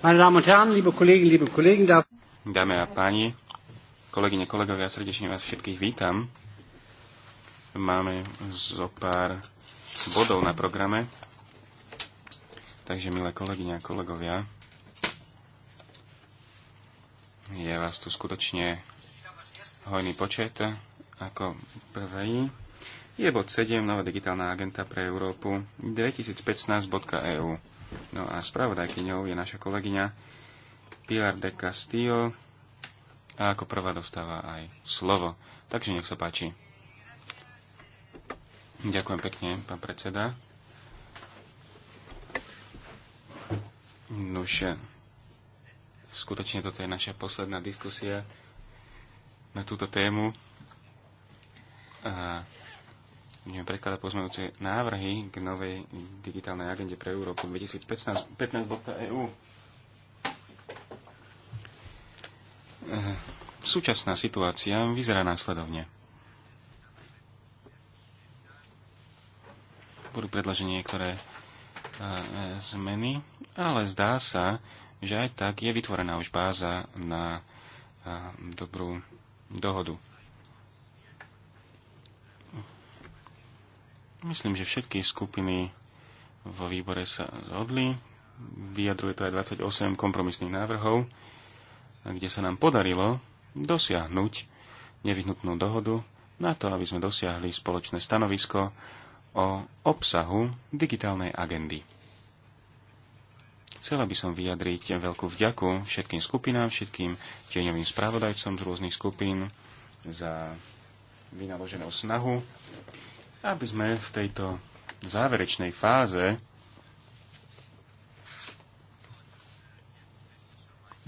Dámy a páni, kolegyne, kolegovia, srdečne vás všetkých vítam. Máme zo pár bodov na programe. Takže, milé kolegyne a kolegovia, je vás tu skutočne hojný počet. Ako prvý je bod 7, nová digitálna agenta pre Európu 2015.eu No a spravodajkyňou je naša kolegyňa Pilar de Castillo a ako prvá dostáva aj slovo. Takže nech sa páči. Ďakujem pekne, pán predseda. Nože, skutočne toto je naša posledná diskusia na túto tému. A budeme predkladať pozmeňujúce návrhy k novej digitálnej agende pre Európu 2015.eu. E e, súčasná situácia vyzerá následovne. Budú predložené niektoré e, zmeny, ale zdá sa, že aj tak je vytvorená už báza na dobrú dohodu Myslím, že všetky skupiny vo výbore sa zhodli. Vyjadruje to aj 28 kompromisných návrhov, kde sa nám podarilo dosiahnuť nevyhnutnú dohodu na to, aby sme dosiahli spoločné stanovisko o obsahu digitálnej agendy. Chcela by som vyjadriť veľkú vďaku všetkým skupinám, všetkým tieňovým správodajcom z rôznych skupín za vynaloženú snahu aby sme v tejto záverečnej fáze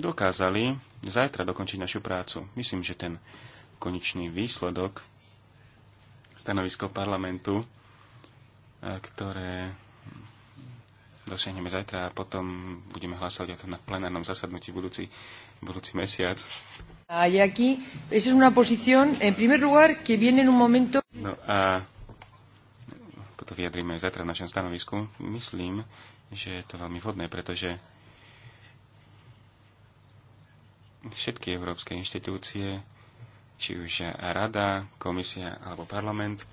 dokázali zajtra dokončiť našu prácu. Myslím, že ten konečný výsledok stanovisko parlamentu, ktoré dosiahneme zajtra a potom budeme hlasovať o tom na plenárnom zasadnutí budúci, budúci mesiac. Y aquí es una posición, en primer lugar, que viene en un momento... No a to vyjadríme aj zajtra v našom stanovisku, myslím, že je to veľmi vhodné, pretože všetky európske inštitúcie, či už rada, komisia alebo parlament,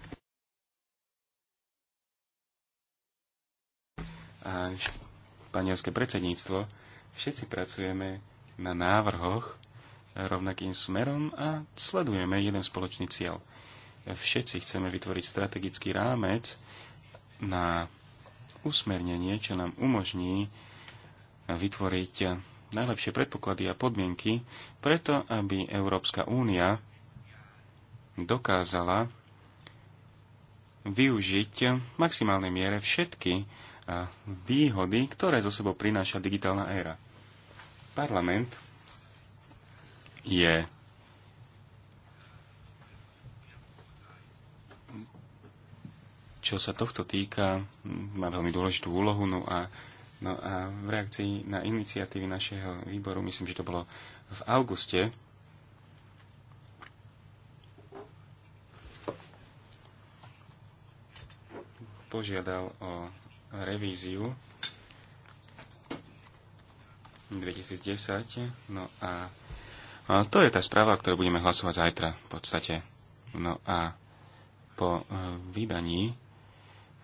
a španielské predsedníctvo, všetci pracujeme na návrhoch rovnakým smerom a sledujeme jeden spoločný cieľ. Všetci chceme vytvoriť strategický rámec na usmernenie, čo nám umožní vytvoriť najlepšie predpoklady a podmienky preto, aby Európska únia dokázala využiť v maximálnej miere všetky výhody, ktoré zo sebou prináša digitálna éra. Parlament je čo sa tohto týka, má veľmi dôležitú úlohu. No a, no a v reakcii na iniciatívy našeho výboru, myslím, že to bolo v auguste, požiadal o revíziu 2010. No a, a to je tá správa, o ktorej budeme hlasovať zajtra v podstate. No a po e, vydaní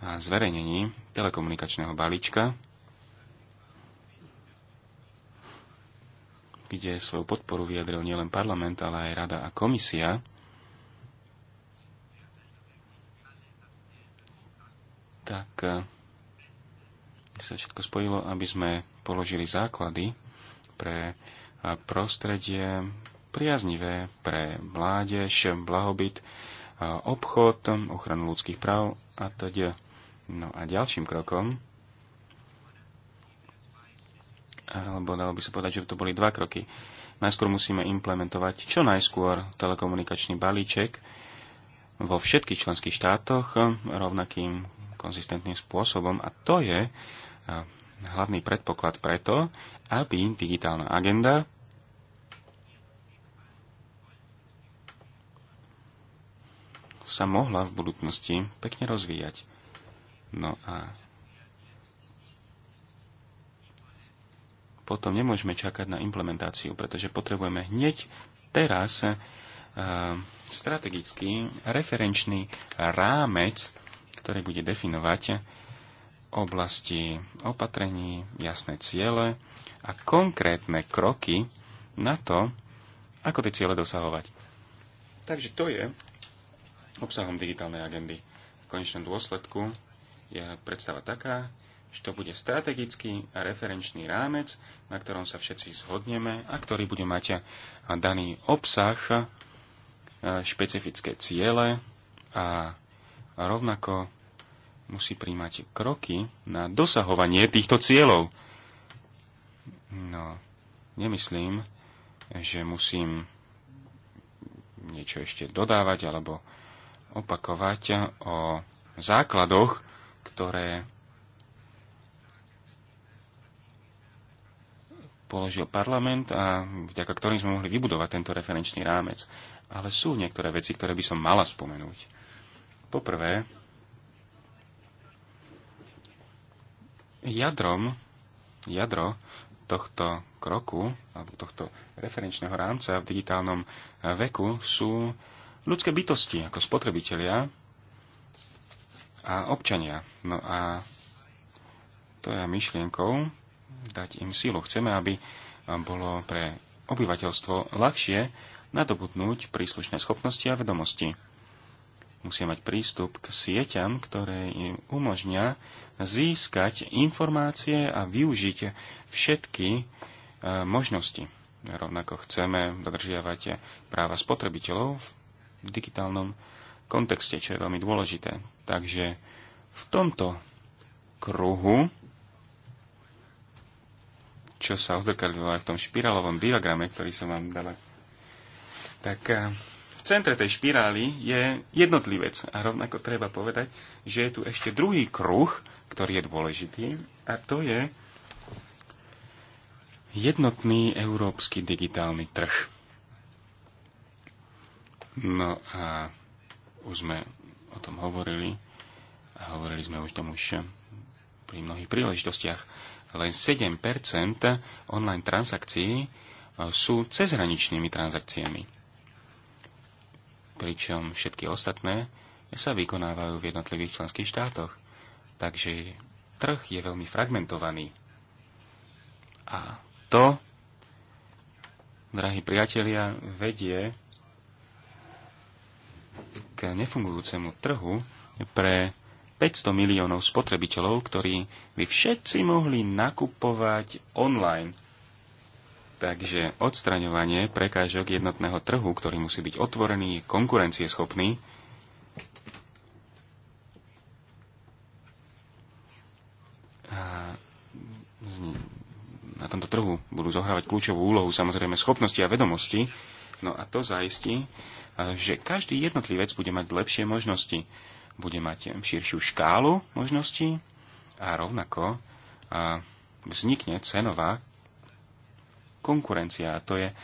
a zverejnení telekomunikačného balíčka, kde svoju podporu vyjadril nielen parlament, ale aj rada a komisia, tak eh, sa všetko spojilo, aby sme položili základy pre eh, prostredie priaznivé pre mládež, blahobyt obchod, ochranu ľudských práv a teda. No a ďalším krokom, alebo dalo by sa povedať, že to boli dva kroky. Najskôr musíme implementovať čo najskôr telekomunikačný balíček vo všetkých členských štátoch rovnakým konzistentným spôsobom a to je hlavný predpoklad preto, aby digitálna agenda sa mohla v budúcnosti pekne rozvíjať. No a potom nemôžeme čakať na implementáciu, pretože potrebujeme hneď teraz uh, strategický referenčný rámec, ktorý bude definovať oblasti opatrení, jasné ciele a konkrétne kroky na to, ako tie ciele dosahovať. Takže to je obsahom digitálnej agendy. V konečnom dôsledku je predstava taká, že to bude strategický a referenčný rámec, na ktorom sa všetci zhodneme a ktorý bude mať daný obsah, e, špecifické ciele a rovnako musí príjmať kroky na dosahovanie týchto cieľov. No, nemyslím, že musím niečo ešte dodávať alebo opakovať o základoch, ktoré položil parlament a vďaka ktorým sme mohli vybudovať tento referenčný rámec. Ale sú niektoré veci, ktoré by som mala spomenúť. Poprvé, jadrom, jadro tohto kroku, alebo tohto referenčného rámca v digitálnom veku sú ľudské bytosti ako spotrebitelia a občania. No a to je myšlienkou dať im sílu. Chceme, aby bolo pre obyvateľstvo ľahšie nadobudnúť príslušné schopnosti a vedomosti. Musia mať prístup k sieťam, ktoré im umožňa získať informácie a využiť všetky e, možnosti. Rovnako chceme dodržiavať práva spotrebiteľov v digitálnom kontexte, čo je veľmi dôležité. Takže v tomto kruhu, čo sa odzrkadlilo aj v tom špirálovom diagrame, ktorý som vám dala, tak eh, v centre tej špirály je jednotlivec. A rovnako treba povedať, že je tu ešte druhý kruh, ktorý je dôležitý, a to je jednotný európsky digitálny trh. No a už sme o tom hovorili a hovorili sme už tom už pri mnohých príležitostiach. Len 7% online transakcií e, sú cezhraničnými transakciami. Pričom všetky ostatné sa vykonávajú v jednotlivých členských štátoch. Takže trh je veľmi fragmentovaný. A to, drahí priatelia, vedie k nefungujúcemu trhu pre 500 miliónov spotrebiteľov, ktorí by všetci mohli nakupovať online. Takže odstraňovanie prekážok jednotného trhu, ktorý musí byť otvorený, konkurencieschopný, na tomto trhu budú zohrávať kľúčovú úlohu samozrejme schopnosti a vedomosti, no a to zaistí, že každý jednotlivec bude mať lepšie možnosti. Bude mať širšiu škálu možností a rovnako vznikne cenová konkurencia. A to je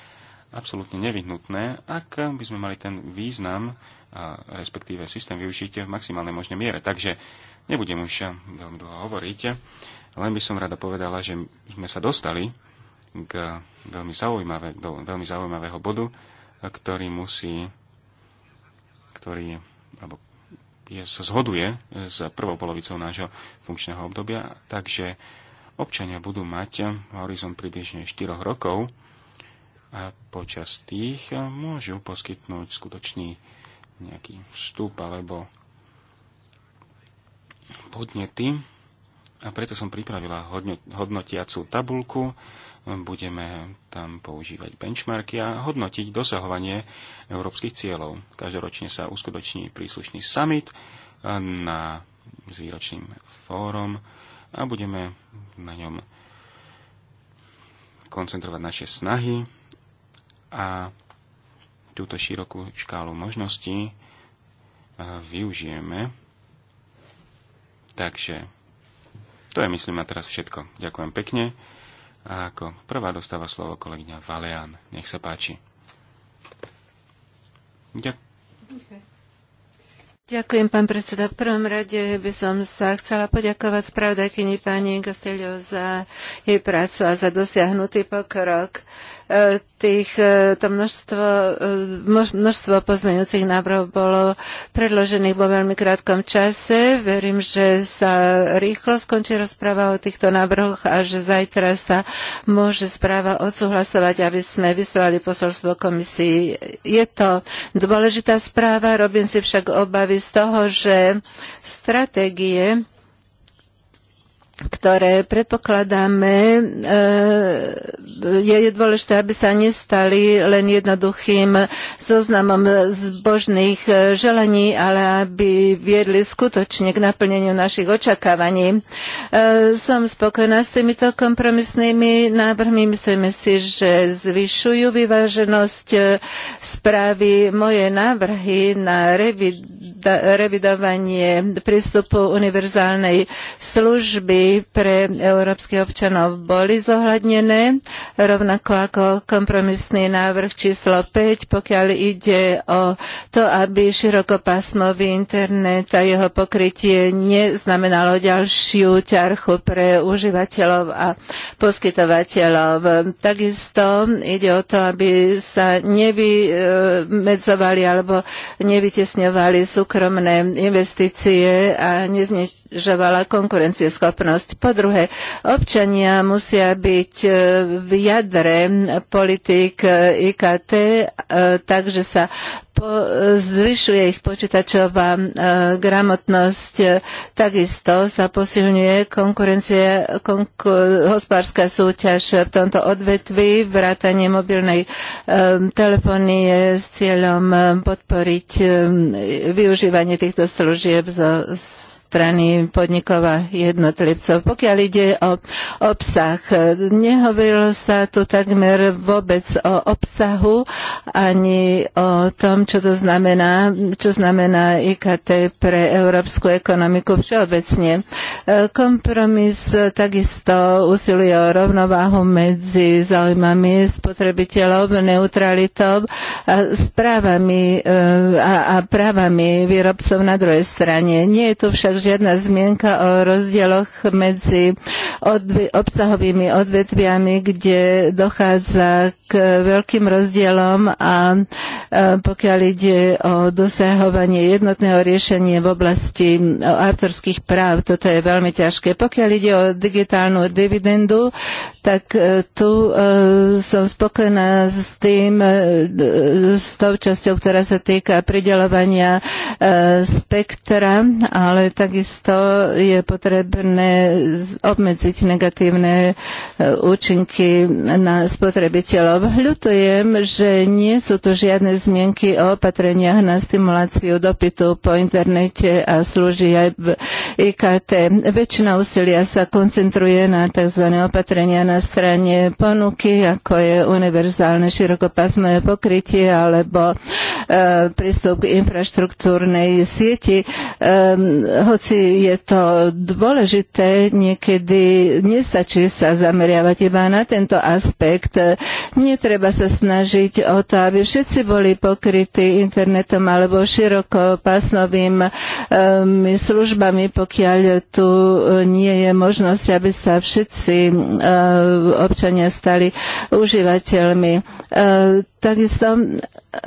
absolútne nevyhnutné, ak by sme mali ten význam, a respektíve systém využiť v maximálnej možnej miere. Takže nebudem už veľmi dlho hovoriť, len by som rada povedala, že sme sa dostali k veľmi, zaujímavé, do veľmi zaujímavého bodu, ktorý musí ktorý alebo je, sa zhoduje s prvou polovicou nášho funkčného obdobia, takže občania budú mať horizont približne 4 rokov a počas tých môžu poskytnúť skutočný nejaký vstup alebo podnety a preto som pripravila hodnotiacú tabulku. Budeme tam používať benchmarky a hodnotiť dosahovanie európskych cieľov. Každoročne sa uskutoční príslušný summit eh, na, s výročným fórom a budeme na ňom koncentrovať naše snahy a túto širokú škálu možností eh, využijeme. Takže to je, myslím, na teraz všetko. Ďakujem pekne. A ako prvá dostáva slovo kolegyňa Valean. Nech sa páči. Ďakujem. Ďakujem, pán predseda. V prvom rade by som sa chcela poďakovať spravodajkyni pani Castelio za jej prácu a za dosiahnutý pokrok tých, e, to množstvo, e, množstvo pozmeňujúcich návrhov bolo predložených vo veľmi krátkom čase. Verím, že sa rýchlo skončí rozpráva o týchto návrhoch a že zajtra sa môže správa odsúhlasovať, aby sme vyslali posolstvo komisii. Je to dôležitá správa, robím si však obavy z toho, že stratégie ktoré predpokladáme, e, je dôležité, aby sa nestali len jednoduchým zoznamom zbožných e, želaní, ale aby viedli skutočne k naplneniu našich očakávaní. E, som spokojná s týmito kompromisnými návrhmi. Myslíme si, že zvyšujú vyváženosť správy. Moje návrhy na revidovanie prístupu univerzálnej služby pre európskych občanov boli zohľadnené, rovnako ako kompromisný návrh číslo 5, pokiaľ ide o to, aby širokopásmový internet a jeho pokrytie neznamenalo ďalšiu ťarchu pre užívateľov a poskytovateľov. Takisto ide o to, aby sa nevymedzovali alebo nevytesňovali súkromné investície a neznič znižovala konkurencieschopnosť. Po druhé, občania musia byť e, v jadre politik e, IKT, e, takže sa zvyšuje ich počítačová gramotnosť, takisto sa posilňuje konkurencia, konku, hospodárska súťaž v tomto odvetvi, vrátanie mobilnej telefónie s cieľom podporiť využívanie týchto služieb zo strany podnikov a jednotlivcov. Pokiaľ ide o obsah, nehovorilo sa tu takmer vôbec o obsahu ani o tom, čo to znamená, čo znamená IKT pre európsku ekonomiku všeobecne. Kompromis takisto usiluje o rovnováhu medzi zaujímami spotrebiteľov, neutralitou a správami e, a, a právami výrobcov na druhej strane. Nie je tu však žiadna zmienka o rozdieloch medzi obsahovými odvetviami, kde dochádza k veľkým rozdielom a e, pokiaľ ide o dosahovanie jednotného riešenia v oblasti e, autorských práv, toto je veľmi ťažké. Pokiaľ ide o digitálnu dividendu, tak e, tu som spokojná s tým, s tou časťou, ktorá sa týka pridelovania spektra, ale tak Takisto je potrebné obmedziť negatívne e, účinky na spotrebiteľov. Ľutujem, že nie sú tu žiadne zmienky o opatreniach na stimuláciu dopytu po internete a slúži aj v IKT. Väčšina úsilia sa koncentruje na tzv. opatrenia na strane ponuky, ako je univerzálne širokopásmové pokrytie alebo e, prístup k infraštruktúrnej sieti. E, hoci je to dôležité, niekedy nestačí sa zameriavať iba na tento aspekt. Netreba sa snažiť o to, aby všetci boli pokrytí internetom alebo širokopásnovým um, službami, pokiaľ tu nie je možnosť, aby sa všetci um, občania stali užívateľmi. Um, takisto E,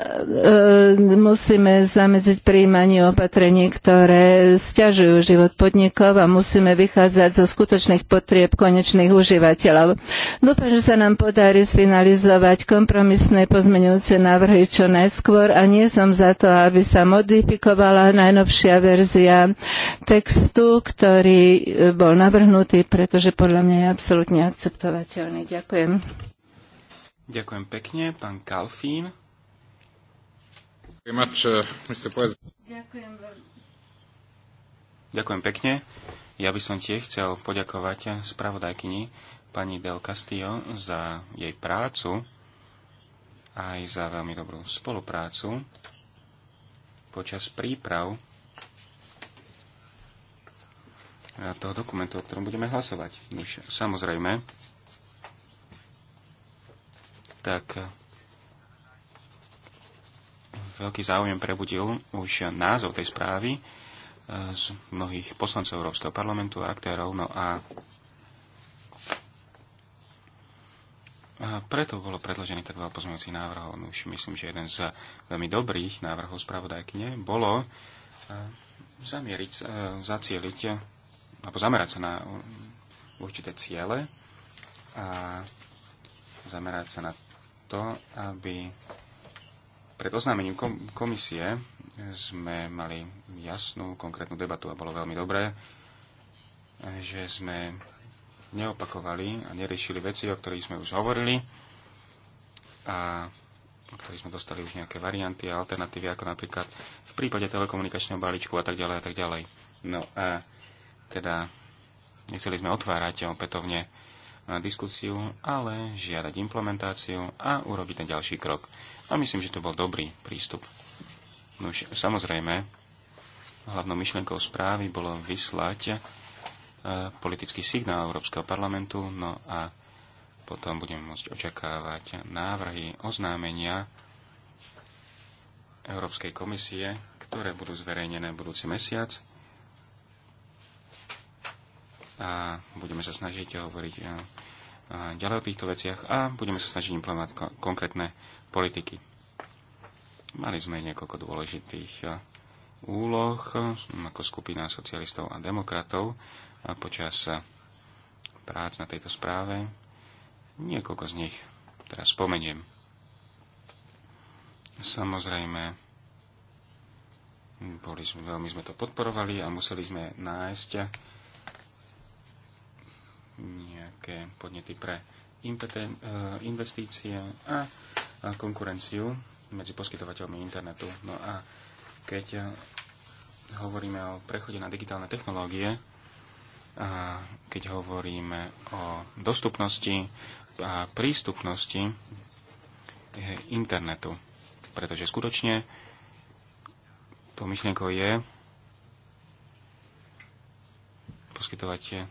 e, musíme zamedziť príjmanie opatrení, ktoré stiažujú život podnikov a musíme vychádzať zo skutočných potrieb konečných užívateľov. Dúfam, že sa nám podarí sfinalizovať kompromisné pozmeňujúce návrhy čo najskôr a nie som za to, aby sa modifikovala najnovšia verzia textu, ktorý e, bol navrhnutý, pretože podľa mňa je absolútne akceptovateľný. Ďakujem. Ďakujem pekne, pán Kalfín. Uh, Ďakujem. Ďakujem pekne. Ja by som tiež chcel poďakovať spravodajkyni pani Del Castillo za jej prácu aj za veľmi dobrú spoluprácu počas príprav toho dokumentu, o ktorom budeme hlasovať. Už samozrejme, tak veľký záujem prebudil už názov tej správy e, z mnohých poslancov Európskeho parlamentu a aktérov. No a, a preto bolo predložený tak veľa pozmeňujúcich návrhov. No už myslím, že jeden z veľmi dobrých návrhov spravodajkne bolo e, zamieriť, e, zacieliť alebo zamerať sa na určité ciele a zamerať sa na to, aby pred oznámením komisie sme mali jasnú, konkrétnu debatu a bolo veľmi dobré, že sme neopakovali a neriešili veci, o ktorých sme už hovorili a o ktorých sme dostali už nejaké varianty a alternatívy, ako napríklad v prípade telekomunikačného balíčku a tak ďalej a tak ďalej. No a teda nechceli sme otvárať opätovne diskusiu, ale žiadať implementáciu a urobiť ten ďalší krok. A myslím, že to bol dobrý prístup. No už samozrejme, hlavnou myšlienkou správy bolo vyslať e, politický signál Európskeho parlamentu, no a potom budeme môcť očakávať návrhy oznámenia Európskej komisie, ktoré budú zverejnené v budúci mesiac. A budeme sa snažiť hovoriť e, ďalej o týchto veciach a budeme sa snažiť implementovať konkrétne politiky. Mali sme niekoľko dôležitých úloh ako skupina socialistov a demokratov a počas prác na tejto správe. Niekoľko z nich teraz spomeniem. Samozrejme, boli, veľmi sme to podporovali a museli sme nájsť nejaké podnety pre e, investície a konkurenciu medzi poskytovateľmi internetu. No a keď e, hovoríme o prechode na digitálne technológie, a keď hovoríme o dostupnosti a prístupnosti e, internetu. Pretože skutočne to myšlienko je poskytovať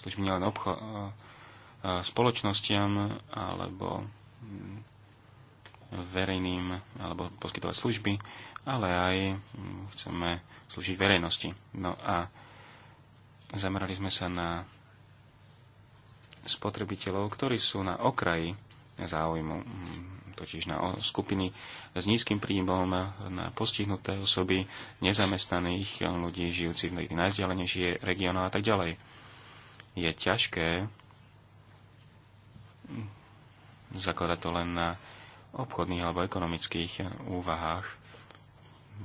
služby nielen obcho- spoločnostiam alebo mm, verejným alebo poskytovať služby, ale aj mm, chceme slúžiť verejnosti. No a zamerali sme sa na spotrebiteľov, ktorí sú na okraji záujmu, mm, totiž na skupiny s nízkym príjmom, na postihnuté osoby, nezamestnaných ľudí, žijúcich v najzdialenejších regiónoch a tak ďalej je ťažké zakladať to len na obchodných alebo ekonomických úvahách,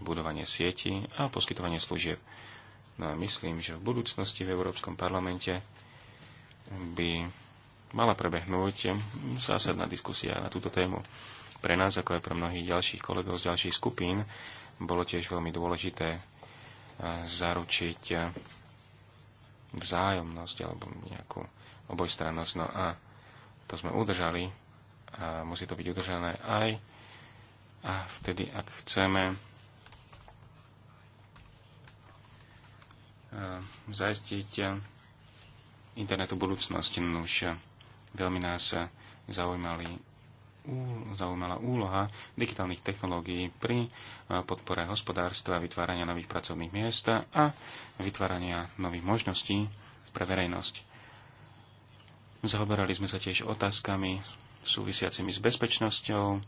budovanie sieti a poskytovanie služieb. No a myslím, že v budúcnosti v Európskom parlamente by mala prebehnúť zásadná diskusia na túto tému. Pre nás, ako aj pre mnohých ďalších kolegov z ďalších skupín, bolo tiež veľmi dôležité eh, zaručiť eh, vzájomnosť alebo nejakú obojstrannosť. No a to sme udržali a musí to byť udržané aj a vtedy, ak chceme zaistiť internetu budúcnosť. Už veľmi nás zaujímali zaujímala úloha digitálnych technológií pri e, podpore hospodárstva, vytvárania nových pracovných miest a vytvárania nových možností pre verejnosť. Zaoberali sme sa tiež otázkami súvisiacimi s bezpečnosťou,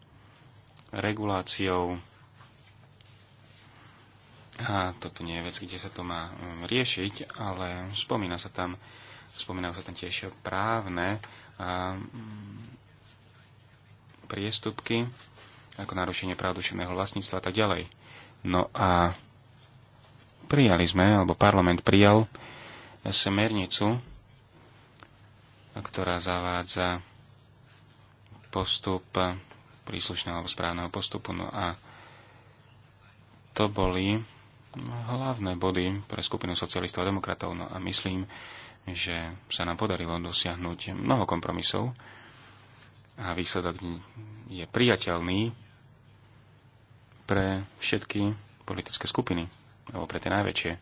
reguláciou. A toto nie je vec, kde sa to má um, riešiť, ale spomína sa tam, spomínajú sa tam tiež právne a mm, priestupky, ako narušenie práv duševného vlastníctva a tak ďalej. No a prijali sme, alebo parlament prijal smernicu, ktorá zavádza postup príslušného alebo správneho postupu. No a to boli hlavné body pre skupinu socialistov a demokratov. No a myslím, že sa nám podarilo dosiahnuť mnoho kompromisov, a výsledok je priateľný pre všetky politické skupiny, alebo pre tie najväčšie.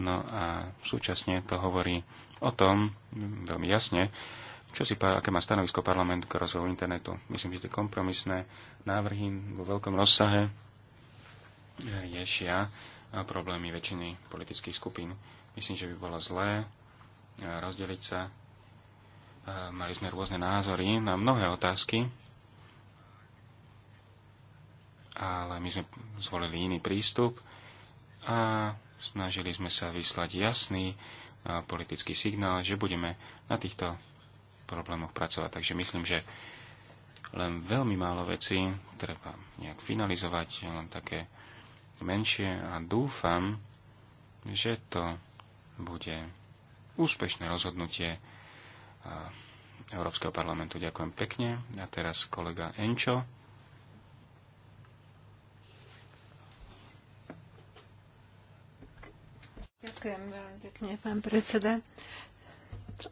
No a súčasne to hovorí o tom veľmi jasne, čo si, aké má stanovisko parlament k rozvoju internetu. Myslím, že tie kompromisné návrhy vo veľkom rozsahe riešia problémy väčšiny politických skupín. Myslím, že by bolo zlé eh, rozdeliť sa Eh, mali sme rôzne názory na mnohé otázky, ale my sme zvolili iný prístup a snažili sme sa vyslať jasný eh, politický signál, že budeme na týchto problémoch pracovať. Takže myslím, že len veľmi málo vecí treba nejak finalizovať, len také menšie a dúfam, že to bude úspešné rozhodnutie Európskeho parlamentu. Ďakujem pekne. A teraz kolega Enčo. Ďakujem veľmi pekne, pán predseda.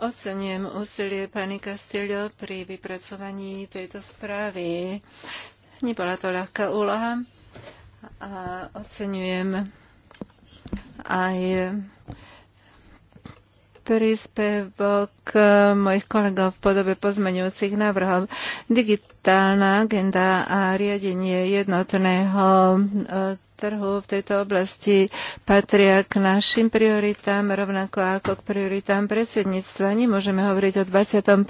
Ocenujem úsilie pani Castillo pri vypracovaní tejto správy. Nebola to ľahká úloha a ocenujem aj príspevok mojich kolegov v podobe pozmeňujúcich návrhov. Digitálna agenda a riadenie jednotného e, trhu v tejto oblasti patria k našim prioritám, rovnako ako k prioritám predsedníctva. Nemôžeme hovoriť o 21.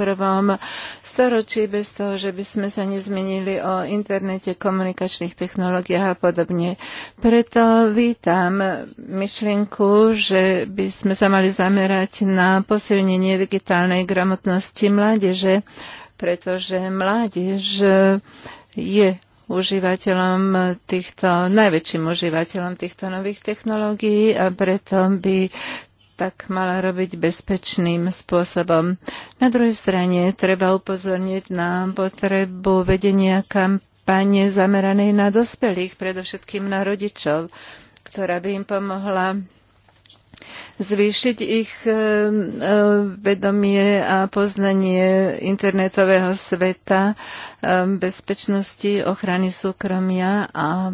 storočí bez toho, že by sme sa nezmenili o internete, komunikačných technológiách a podobne. Preto vítam myšlienku, že by sme sa mali zamerať na posilnenie digitálnej gramotnosti mládeže, pretože mládež je užívateľom týchto, najväčším užívateľom týchto nových technológií a preto by tak mala robiť bezpečným spôsobom. Na druhej strane treba upozorniť na potrebu vedenia kampane zameranej na dospelých, predovšetkým na rodičov, ktorá by im pomohla zvýšiť ich eh, eh, vedomie a poznanie internetového sveta, eh, bezpečnosti, ochrany súkromia a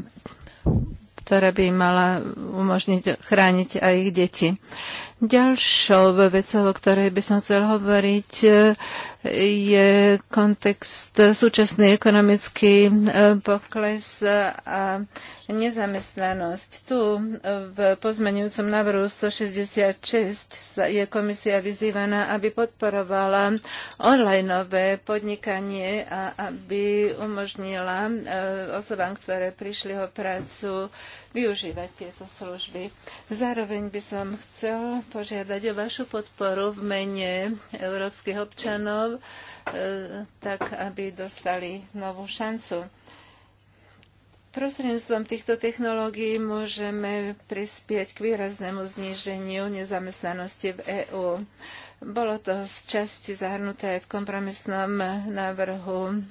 ktorá by mala umožniť chrániť aj ich deti. Ďalšou vecou, o ktorej by som chcel hovoriť, e, je kontext súčasný ekonomický e, pokles a nezamestnanosť. Tu e, v pozmenujúcom návrhu 166 je komisia vyzývaná, aby podporovala onlineové podnikanie a aby umožnila osobám, ktoré prišli o prácu, využívať tieto služby. Zároveň by som chcel požiadať o vašu podporu v mene európskych občanov, e, tak aby dostali novú šancu. Prostredníctvom týchto technológií môžeme prispieť k výraznému zníženiu nezamestnanosti v EÚ. Bolo to z časti zahrnuté aj v kompromisnom návrhu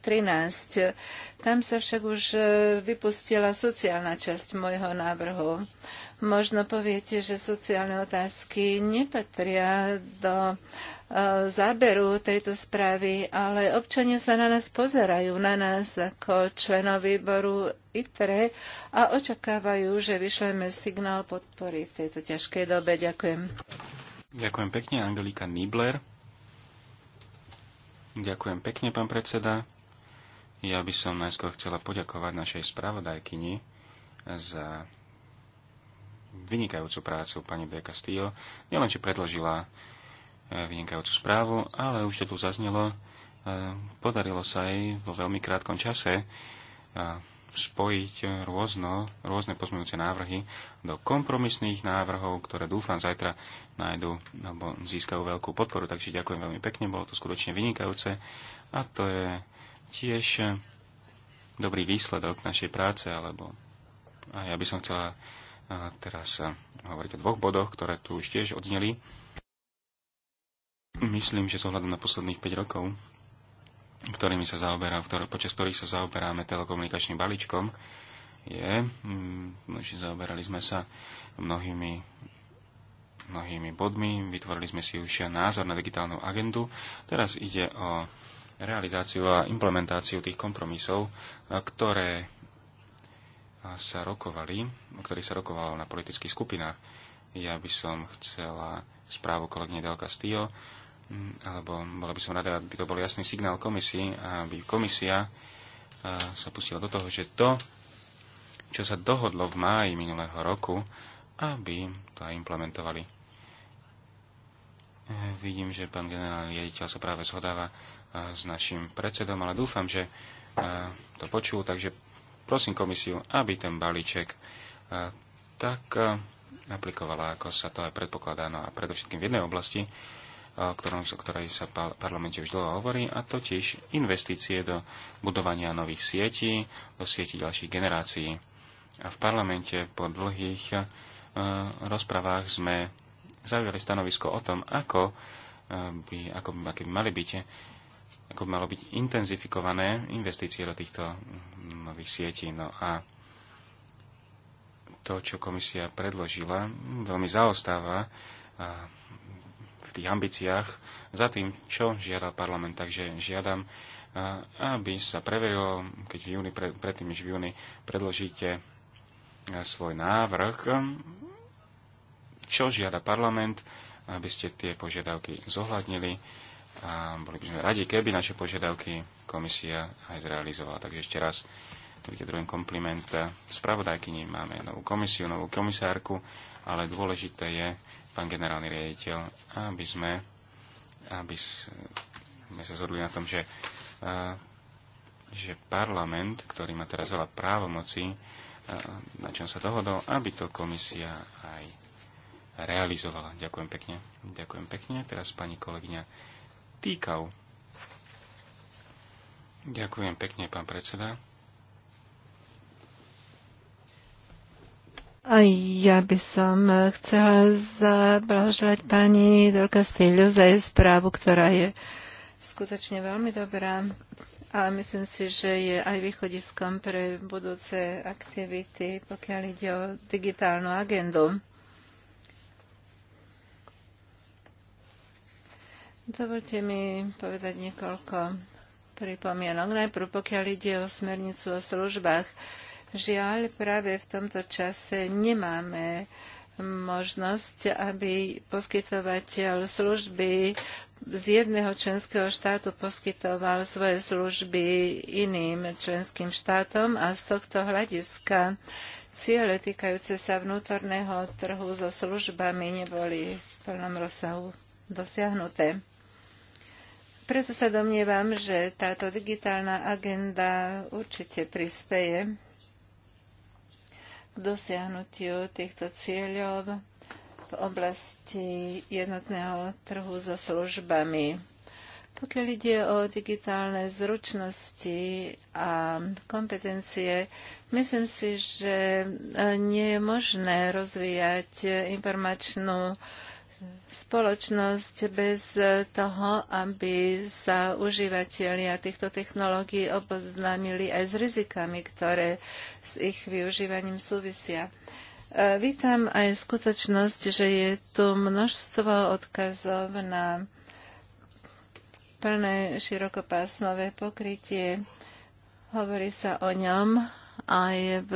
13. E, Tam sa však už e, vypustila sociálna časť môjho návrhu. Možno poviete, že sociálne otázky nepatria do e, záberu tejto správy, ale občania sa na nás pozerajú, na nás ako členov výboru ITRE a očakávajú, že vyšleme signál podpory v tejto ťažkej dobe. Ďakujem. Ďakujem pekne, Angelika Nibler. Ďakujem pekne, pán predseda. Ja by som najskôr chcela poďakovať našej spravodajkyni za vynikajúcu prácu pani B. Castillo. Nielenže predložila e, vynikajúcu správu, ale už to tu zaznelo, e, podarilo sa jej vo veľmi krátkom čase spojiť eh, rôzno, rôzne pozmeňujúce návrhy do kompromisných návrhov, ktoré dúfam zajtra nájdu alebo získajú veľkú podporu. Takže ďakujem veľmi pekne, bolo to skutočne vynikajúce a to je tiež eh, dobrý výsledok našej práce, alebo a ja by som chcela eh, teraz hovoriť o dvoch bodoch, ktoré tu už tiež odzneli. Myslím, že zohľadom na posledných 5 rokov ktorými sa zaoberá, ktoré, počas ktorých sa zaoberáme telekomunikačným balíčkom, je, mm, že zaoberali sme sa mnohými, mnohými bodmi, vytvorili sme si už názor na digitálnu agendu. Teraz ide o realizáciu a implementáciu tých kompromisov, ktoré sa rokovali, o ktorých sa rokovalo na politických skupinách. Ja by som chcela správu kolegyne Delka Stio, alebo bola by som rada, aby to bol jasný signál komisii, aby komisia eh, sa pustila do toho, že to, čo sa dohodlo v máji minulého roku, aby to aj implementovali. Eh, vidím, že pán generálny riaditeľ sa práve zhodáva eh, s našim predsedom, ale dúfam, že to počul, takže prosím komisiu, aby ten balíček tak aplikovala, ako sa to aj predpokladá. No a predovšetkým v jednej oblasti, o, ktorom, o ktorej sa v parlamente už dlho hovorí, a totiž investície do budovania nových sietí, do sietí ďalších generácií. A v parlamente po dlhých o, eh, rozprávách sme zaujali stanovisko o tom, ako eh, by, ako, aké by mali byť ako by malo byť intenzifikované investície do týchto mm, nových sietí. No a to, čo komisia predložila, veľmi zaostáva v tých ambíciách za tým, čo žiada parlament. Takže žiadam, eh, aby sa preverilo, keď v júni, predtým, než v júni predložíte eh, svoj návrh, čo žiada parlament, aby ste tie požiadavky zohľadnili a boli by sme radi, keby naše požiadavky komisia aj zrealizovala. Takže ešte raz takýto druhý kompliment spravodajkyni. Máme novú komisiu, novú komisárku, ale dôležité je, pán generálny riaditeľ, aby sme, aby sme sa zhodli na tom, že, eh, že parlament, ktorý má teraz veľa právomocí, eh, na čom sa dohodol, aby to komisia aj realizovala. Ďakujem pekne. Ďakujem pekne. Teraz pani kolegyňa Týkau. Ďakujem pekne, pán predseda. ja by som eh, chcela zablažovať pani do Stýľu za jej správu, ktorá je skutočne veľmi dobrá a myslím si, že je aj východiskom pre budúce aktivity, pokiaľ ide o digitálnu agendu. Dovolte mi povedať niekoľko pripomienok. Najprv, pokiaľ ide o smernicu o službách, Žiaľ, práve v tomto čase nemáme možnosť, aby poskytovateľ služby z jedného členského štátu poskytoval svoje služby iným členským štátom a z tohto hľadiska ciele týkajúce sa vnútorného trhu so službami neboli v plnom rozsahu dosiahnuté. Preto sa domnievam, že táto digitálna agenda určite prispeje k dosiahnutiu týchto cieľov v oblasti jednotného trhu so službami. Pokiaľ ide o digitálne zručnosti a kompetencie, myslím si, že nie je možné rozvíjať informačnú spoločnosť bez toho, aby sa užívateľia týchto technológií oboznámili aj s rizikami, ktoré s ich využívaním súvisia. E, vítam aj skutočnosť, že je tu množstvo odkazov na plné širokopásmové pokrytie. Hovorí sa o ňom aj v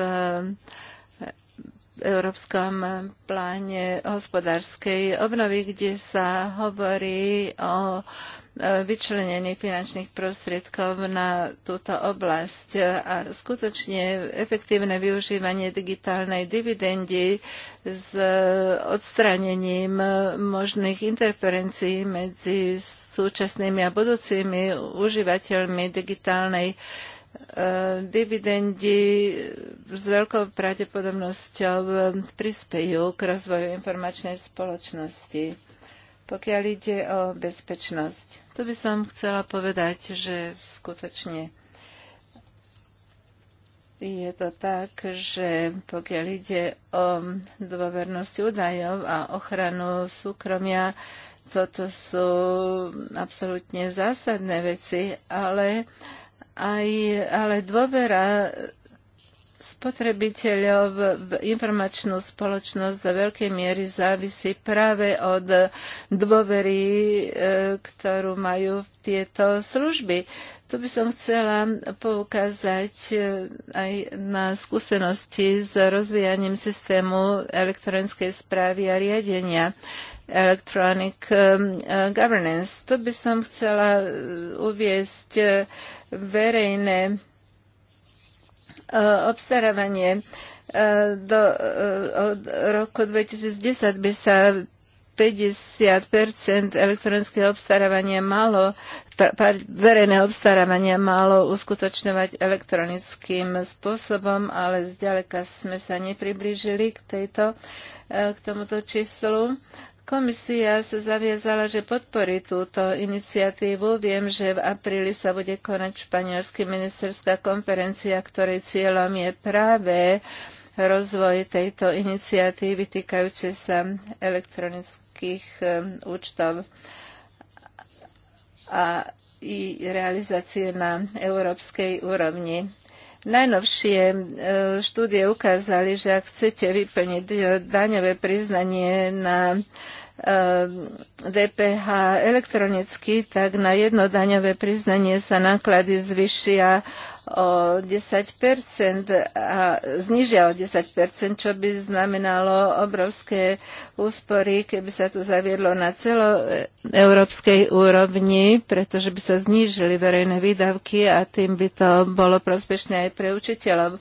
v európskom pláne hospodárskej obnovy, kde sa hovorí o e, vyčlenení finančných prostriedkov na túto oblasť a skutočne efektívne využívanie digitálnej dividendy s odstranením možných interferencií medzi súčasnými a budúcimi užívateľmi digitálnej Eh, dividendi s veľkou pravdepodobnosťou eh, prispejú k rozvoju informačnej spoločnosti. Pokiaľ ide o bezpečnosť, tu by som chcela povedať, že skutočne je to tak, že pokiaľ ide o dôvernosť údajov a ochranu súkromia, toto sú absolútne zásadné veci, ale uh, aj, ale dôvera spotrebiteľov v informačnú spoločnosť do veľkej miery závisí práve od dôvery, e, ktorú majú tieto služby. Tu by som chcela poukázať e, aj na skúsenosti s rozvíjaním systému elektronickej správy a riadenia. Electronic e, Governance. Tu by som chcela uviesť verejné e, obstarávanie e, do e, od roku 2010 by sa 50 elektronického obstarávania malo, verejné obstarávanie malo uskutočňovať elektronickým spôsobom, ale zďaleka sme sa nepriblížili k, tejto, k tomuto číslu. Komisia sa zaviazala, že podporí túto iniciatívu. Viem, že v apríli sa bude konať španielsky ministerská konferencia, ktorej cieľom je práve rozvoj tejto iniciatívy týkajúce sa elektronických eh, účtov a i realizácie na európskej úrovni. Najnovšie e, štúdie ukázali, že ak chcete vyplniť e, daňové priznanie na e, DPH elektronicky, tak na jedno daňové priznanie sa náklady zvyšia o 10% a znižia o 10%, čo by znamenalo obrovské úspory, keby sa to zaviedlo na celoeurópskej úrovni, pretože by sa znížili verejné výdavky a tým by to bolo prospešné aj pre učiteľov.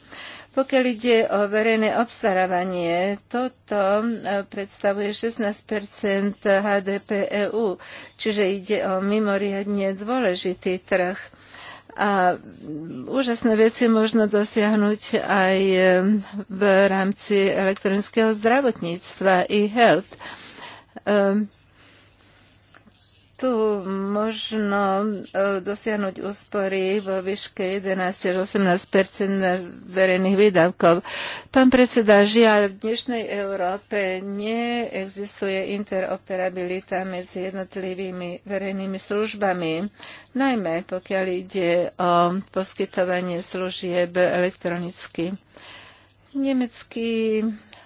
Pokiaľ ide o verejné obstarávanie, toto e, predstavuje 16 HDP EU, čiže ide o mimoriadne dôležitý trh. A úžasné veci možno dosiahnuť aj e, v rámci elektronického zdravotníctva e-health. Um, ehm, tu možno e, dosiahnuť úspory vo výške 11 až 18 verejných výdavkov. Pán predseda, žiaľ, v dnešnej Európe neexistuje interoperabilita medzi jednotlivými verejnými službami, najmä pokiaľ ide o poskytovanie služieb elektronicky. Nemecký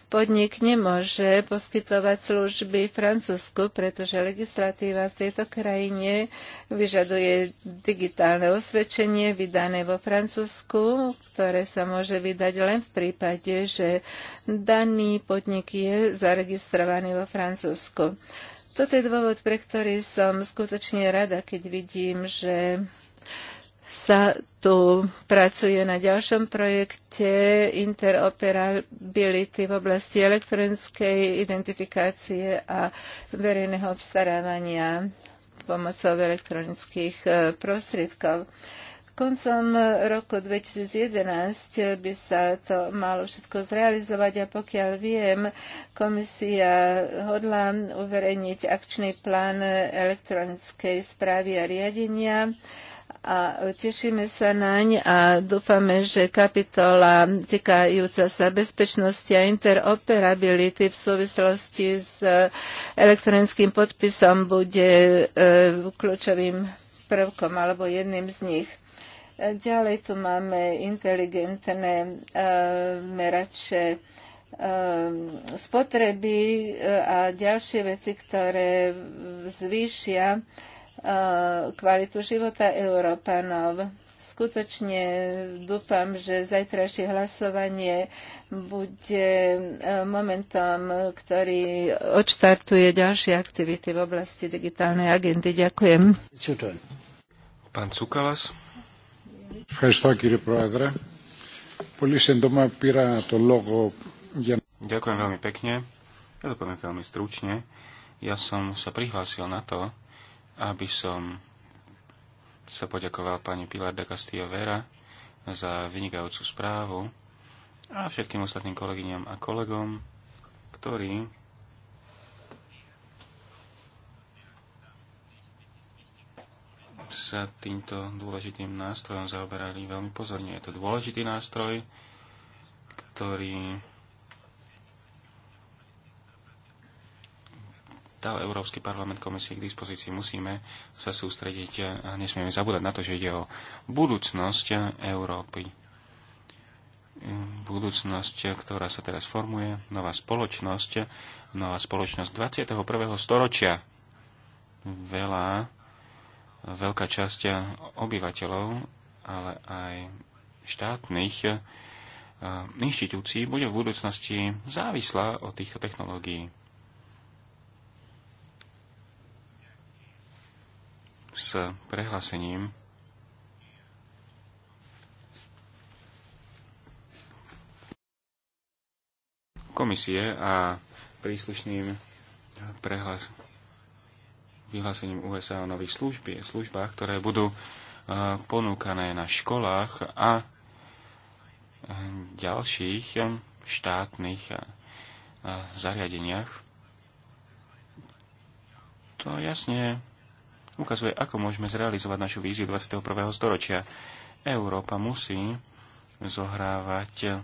podnik nemôže poskytovať služby Francúzsku, pretože legislatíva v tejto krajine vyžaduje digitálne osvedčenie vydané vo Francúzsku, ktoré sa môže vydať len v prípade, že daný podnik je zaregistrovaný vo Francúzsku. Toto je dôvod, pre ktorý som skutočne rada, keď vidím, že sa tu pracuje na ďalšom projekte interoperability v oblasti elektronickej identifikácie a verejného obstarávania pomocou elektronických e, prostriedkov. Koncom roku 2011 by sa to malo všetko zrealizovať a pokiaľ viem, komisia hodlá uverejniť akčný plán elektronickej správy a riadenia a tešíme sa naň a dúfame, že kapitola týkajúca sa bezpečnosti a interoperability v súvislosti s e, elektronickým podpisom bude e, kľúčovým prvkom alebo jedným z nich. E, ďalej tu máme inteligentné merače spotreby a ďalšie veci, ktoré zvýšia Eh, kvalitu života Európanov. Skutočne dúfam, že zajtrajšie hlasovanie bude eh, momentom, ktorý odštartuje ďalšie aktivity v oblasti digitálnej agendy. Ďakujem. Pán Cukalas. Ďakujem veľmi pekne. Ja to poviem veľmi stručne. Ja som sa prihlásil na to, aby som sa poďakoval pani Pilar de Castillo Vera za vynikajúcu správu a všetkým ostatným kolegyňam a kolegom, ktorí sa týmto dôležitým nástrojom zaoberali veľmi pozorne. Je to dôležitý nástroj, ktorý dal Európsky parlament komisii k dispozícii. Musíme sa sústrediť a nesmieme zabúdať na to, že ide o budúcnosť Európy. Budúcnosť, ktorá sa teraz formuje, nová spoločnosť, nová spoločnosť 21. storočia. Veľa, veľká časť obyvateľov, ale aj štátnych eh, inštitúcií bude v budúcnosti závislá od týchto technológií s prehlásením komisie a príslušným prehlas vyhlásením USA o nových služby, službách, ktoré budú e, ponúkané na školách a e, ďalších štátnych e, zariadeniach. To jasne ukazuje, ako môžeme zrealizovať našu víziu 21. storočia. Európa musí zohrávať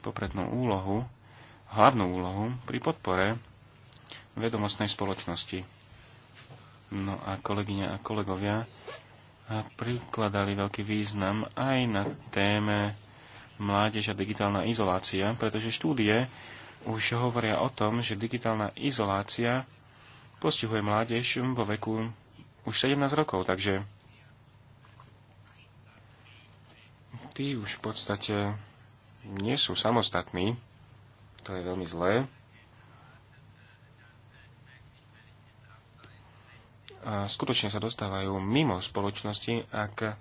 poprednú úlohu, hlavnú úlohu pri podpore vedomostnej spoločnosti. No a kolegyne a kolegovia prikladali veľký význam aj na téme mládež a digitálna izolácia, pretože štúdie už hovoria o tom, že digitálna izolácia postihuje mládež vo veku už 17 rokov, takže tí už v podstate nie sú samostatní. To je veľmi zlé. A skutočne sa dostávajú mimo spoločnosti, ak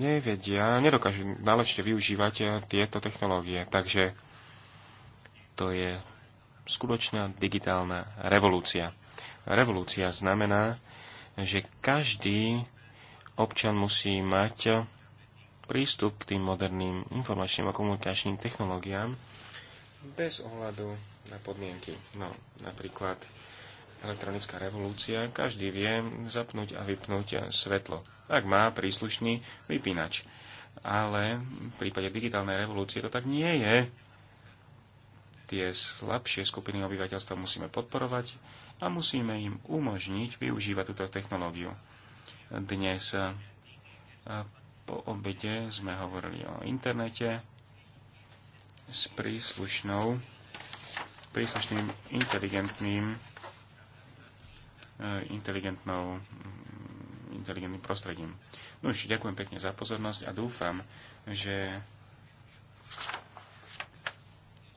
nevedia, nedokážu náležite využívať tieto technológie. Takže to je skutočná digitálna revolúcia revolúcia znamená, že každý občan musí mať prístup k tým moderným informačným a komunikačným technológiám bez ohľadu na podmienky. No, napríklad elektronická revolúcia, každý vie zapnúť a vypnúť svetlo, ak má príslušný vypínač. Ale v prípade digitálnej revolúcie to tak nie je. Tie slabšie skupiny obyvateľstva musíme podporovať a musíme im umožniť využívať túto technológiu. Dnes eh, po obede sme hovorili o internete s príslušnou, príslušným inteligentným eh, inteligentnou mm, inteligentným prostredím. No už ďakujem pekne za pozornosť a dúfam, že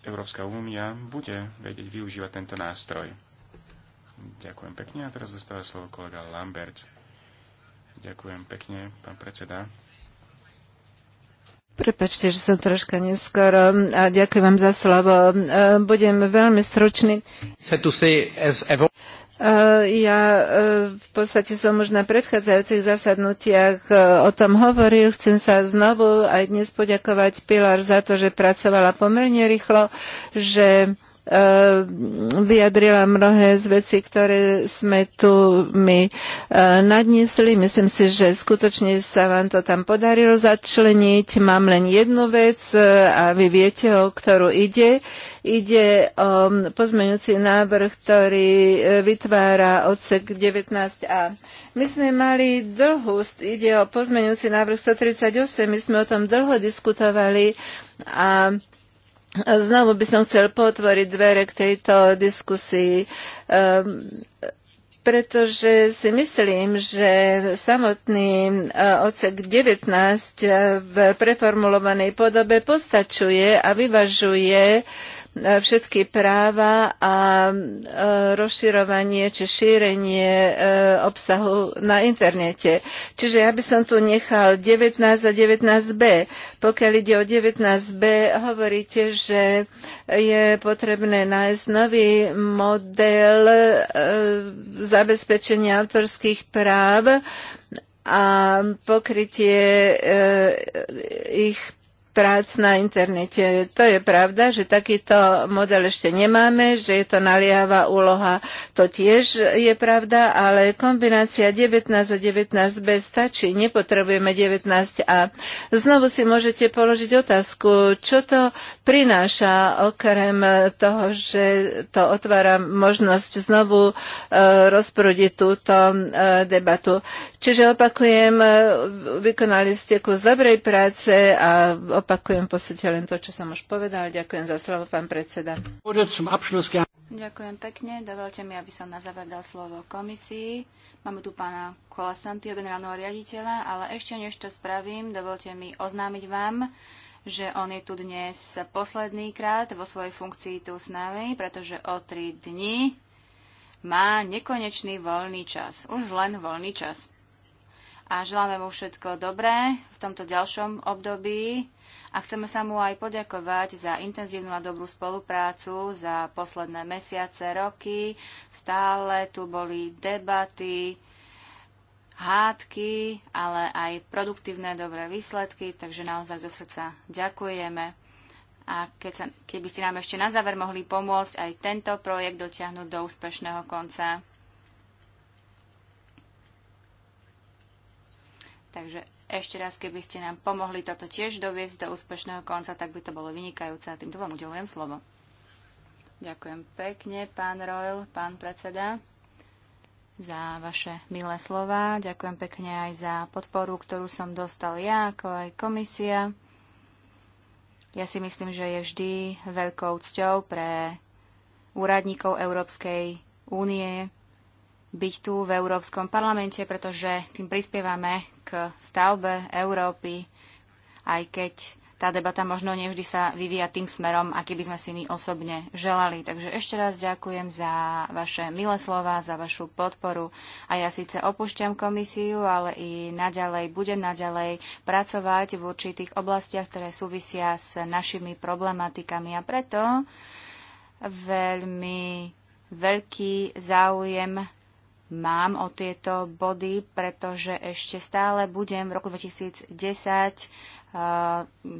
Európska únia bude vedieť využívať tento nástroj. Ďakujem pekne a teraz zostáva slovo kolega Lambert. Ďakujem pekne, pán predseda. Prepačte, že som troška neskoro a ďakujem vám za slovo. E, budem veľmi stručný. E, ja e, v podstate som už na predchádzajúcich zasadnutiach o tom hovoril. Chcem sa znovu aj dnes poďakovať Pilar za to, že pracovala pomerne rýchlo, že Ehm, vyjadrila mnohé z vecí, ktoré sme tu my ehm, nadnesli. Myslím si, že skutočne sa vám to tam podarilo začleniť. Mám len jednu vec e, a vy viete, o ktorú ide. Ide o pozmeňujúci návrh, ktorý e, vytvára odsek 19a. My sme mali dlhú, ide o pozmeňujúci návrh 138, my sme o tom dlho diskutovali a Znovu by som chcel potvoriť dvere k tejto diskusii, ehm, pretože si myslím, že samotný eh, odsek 19 eh, v preformulovanej podobe postačuje a vyvažuje všetky práva a e, rozširovanie či šírenie e, obsahu na internete. Čiže ja by som tu nechal 19 a 19b. Pokiaľ ide o 19b, hovoríte, že je potrebné nájsť nový model e, zabezpečenia autorských práv a pokrytie ich prác na internete. To je pravda, že takýto model ešte nemáme, že je to naliehavá úloha. To tiež je pravda, ale kombinácia 19 a 19 bez stačí. Nepotrebujeme 19a. Znovu si môžete položiť otázku, čo to prináša, okrem toho, že to otvára možnosť znovu eh, rozprúdiť túto eh, debatu. Čiže opakujem, e, vykonali ste kus dobrej práce a opakujem v podstate len to, čo som už povedal. Ďakujem za slovo, pán predseda. Ďakujem pekne. Dovolte mi, aby som na záver dal slovo komisii. Máme tu pána Kolasantio, generálneho riaditeľa, ale ešte než to spravím, dovolte mi oznámiť vám, že on je tu dnes posledný krát vo svojej funkcii tu s nami, pretože o tri dni má nekonečný voľný čas. Už len voľný čas a želáme mu všetko dobré v tomto ďalšom období a chceme sa mu aj poďakovať za intenzívnu a dobrú spoluprácu za posledné mesiace, roky. Stále tu boli debaty, hádky, ale aj produktívne dobré výsledky, takže naozaj zo srdca ďakujeme. A keď sa, keby ste nám ešte na záver mohli pomôcť aj tento projekt dotiahnuť do úspešného konca. Takže ešte raz, keby ste nám pomohli toto tiež doviesť do úspešného konca, tak by to bolo vynikajúce a týmto vám udelujem slovo. Ďakujem pekne, pán Royal, pán predseda, za vaše milé slova. Ďakujem pekne aj za podporu, ktorú som dostal ja, ako aj komisia. Ja si myslím, že je vždy veľkou cťou pre úradníkov Európskej únie byť tu v Európskom parlamente, pretože tým prispievame k stavbe Európy, aj keď tá debata možno nevždy sa vyvíja tým smerom, aký by sme si my osobne želali. Takže ešte raz ďakujem za vaše milé slova, za vašu podporu. A ja síce opúšťam komisiu, ale i naďalej, budem naďalej pracovať v určitých oblastiach, ktoré súvisia s našimi problematikami. A preto veľmi veľký záujem mám o tieto body, pretože ešte stále budem v roku 2010 eh,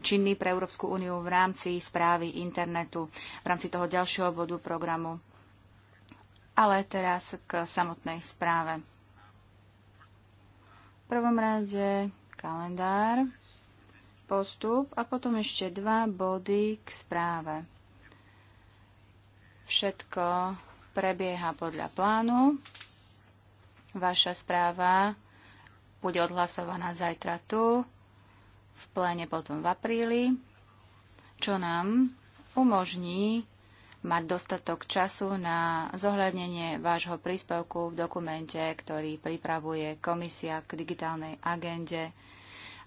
činný pre Európsku úniu v rámci správy internetu, v rámci toho ďalšieho bodu programu. Ale teraz k samotnej správe. V prvom rade kalendár, postup a potom ešte dva body k správe. Všetko prebieha podľa plánu. Vaša správa bude odhlasovaná zajtra tu, v pléne potom v apríli, čo nám umožní mať dostatok času na zohľadnenie vášho príspevku v dokumente, ktorý pripravuje Komisia k digitálnej agende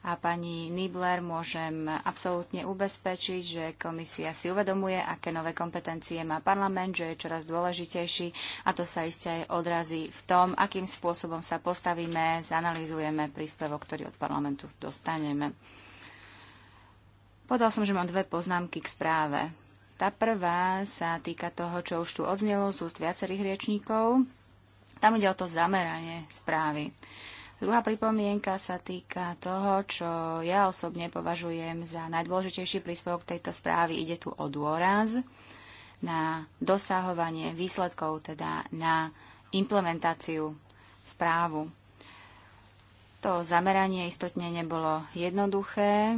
a pani Nibler môžem absolútne ubezpečiť, že komisia si uvedomuje, aké nové kompetencie má parlament, že je čoraz dôležitejší a to sa iste aj odrazí v tom, akým spôsobom sa postavíme, zanalizujeme príspevok, ktorý od parlamentu dostaneme. Podal som, že mám dve poznámky k správe. Tá prvá sa týka toho, čo už tu odznelo z úst viacerých riečníkov. Tam ide o to zameranie správy. Druhá pripomienka sa týka toho, čo ja osobne považujem za najdôležitejší príspevok tejto správy. Ide tu o dôraz na dosahovanie výsledkov, teda na implementáciu správu. To zameranie istotne nebolo jednoduché.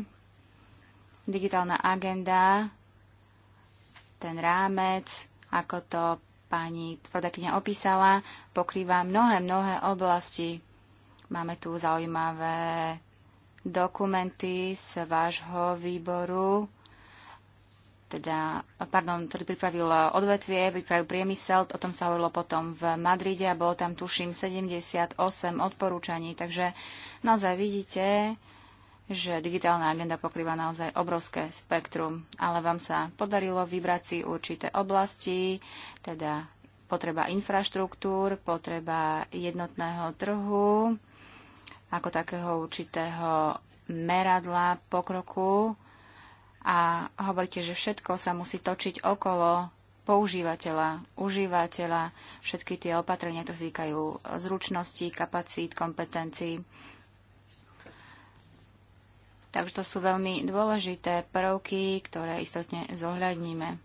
Digitálna agenda, ten rámec, ako to pani tvrdakyňa opísala, pokrýva mnohé, mnohé oblasti Máme tu zaujímavé dokumenty z vášho výboru, teda, pardon, ktorý pripravil odvetvie, pripravil priemysel, o tom sa hovorilo potom v Madride a bolo tam, tuším, 78 odporúčaní, takže naozaj vidíte, že digitálna agenda pokrýva naozaj obrovské spektrum, ale vám sa podarilo vybrať si určité oblasti, teda potreba infraštruktúr, potreba jednotného trhu, ako takého určitého meradla pokroku a hovoríte, že všetko sa musí točiť okolo používateľa, užívateľa, všetky tie opatrenia to vzýkajú zručnosti, kapacít, kompetencií. Takže to sú veľmi dôležité prvky, ktoré istotne zohľadníme.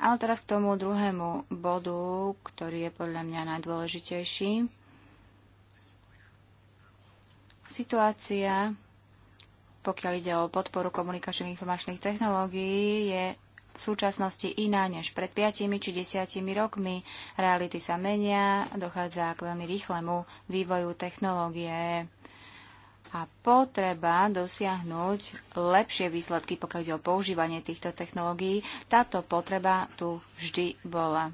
Ale teraz k tomu druhému bodu, ktorý je podľa mňa najdôležitejší. Situácia, pokiaľ ide o podporu komunikačných informačných technológií, je v súčasnosti iná než pred 5 či 10 rokmi. Reality sa menia, dochádza k veľmi rýchlemu vývoju technológie a potreba dosiahnuť lepšie výsledky, pokiaľ ide o používanie týchto technológií. Táto potreba tu vždy bola.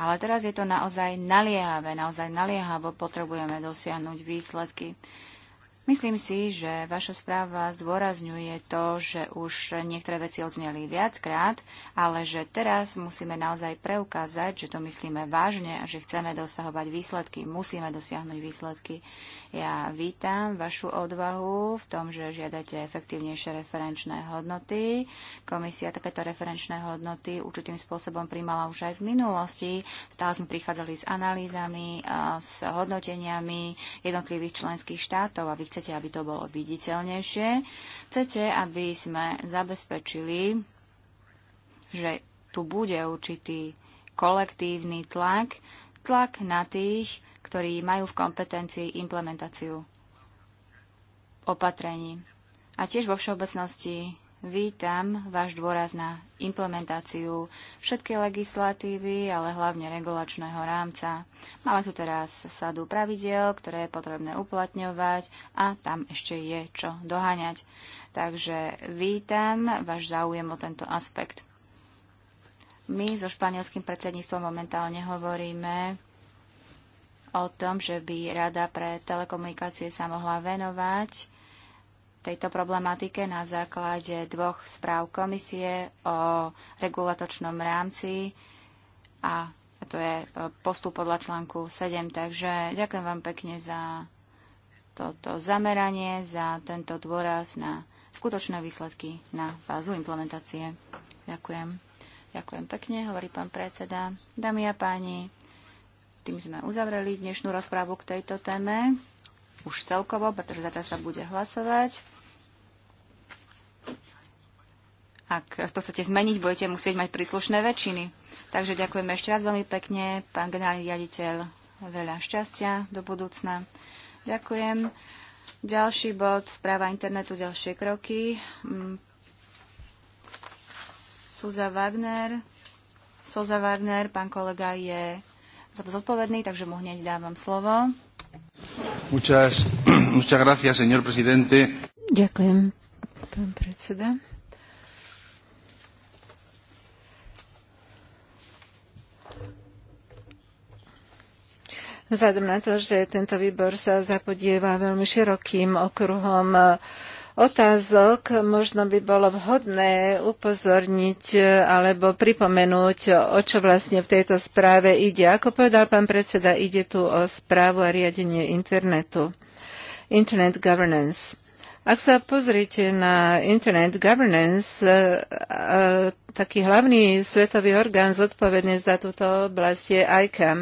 Ale teraz je to naozaj naliehavé, naozaj naliehavo potrebujeme dosiahnuť výsledky. Myslím si, že vaša správa zdôrazňuje to, že už niektoré veci odzneli viackrát, ale že teraz musíme naozaj preukázať, že to myslíme vážne a že chceme dosahovať výsledky, musíme dosiahnuť výsledky. Ja vítam vašu odvahu v tom, že žiadate efektívnejšie referenčné hodnoty. Komisia takéto referenčné hodnoty určitým spôsobom príjmala už aj v minulosti. Stále sme prichádzali s analýzami, s hodnoteniami jednotlivých členských štátov a vy chcete chcete, aby to bolo viditeľnejšie. Chcete, aby sme zabezpečili, že tu bude určitý kolektívny tlak, tlak na tých, ktorí majú v kompetencii implementáciu opatrení. A tiež vo všeobecnosti Vítam váš dôraz na implementáciu všetkej legislatívy, ale hlavne regulačného rámca. Máme tu teraz sadu pravidel, ktoré je potrebné uplatňovať a tam ešte je čo doháňať. Takže vítam váš záujem o tento aspekt. My so španielským predsedníctvom momentálne hovoríme o tom, že by Rada pre telekomunikácie sa mohla venovať tejto problematike na základe dvoch správ komisie o regulatočnom rámci a to je e, postup podľa článku 7. Takže ďakujem vám pekne za toto zameranie, za tento dôraz na skutočné výsledky na fázu implementácie. Ďakujem. Ďakujem pekne, hovorí pán predseda. Dámy a páni, tým sme uzavreli dnešnú rozprávu k tejto téme už celkovo, pretože zatiaľ sa bude hlasovať. Ak to chcete zmeniť, budete musieť mať príslušné väčšiny. Takže ďakujem ešte raz veľmi pekne, pán generálny riaditeľ, veľa šťastia do budúcna. Ďakujem. Ďalší bod, správa internetu, ďalšie kroky. Mm. Suza Wagner. Soza Wagner, pán kolega je za to zodpovedný, takže mu hneď dávam slovo. Muchas, muchas gracias, señor presidente. Ďakujem, pán predseda. Vzhľadom na to, že tento výbor sa zapodieva veľmi širokým okruhom otázok možno by bolo vhodné upozorniť e, alebo pripomenúť, o čo vlastne v tejto správe ide. Ako povedal pán predseda, ide tu o správu a riadenie internetu. Internet governance. Ak sa pozrite na Internet Governance, e, e, taký hlavný svetový orgán zodpovedný za túto oblasť je ICAM.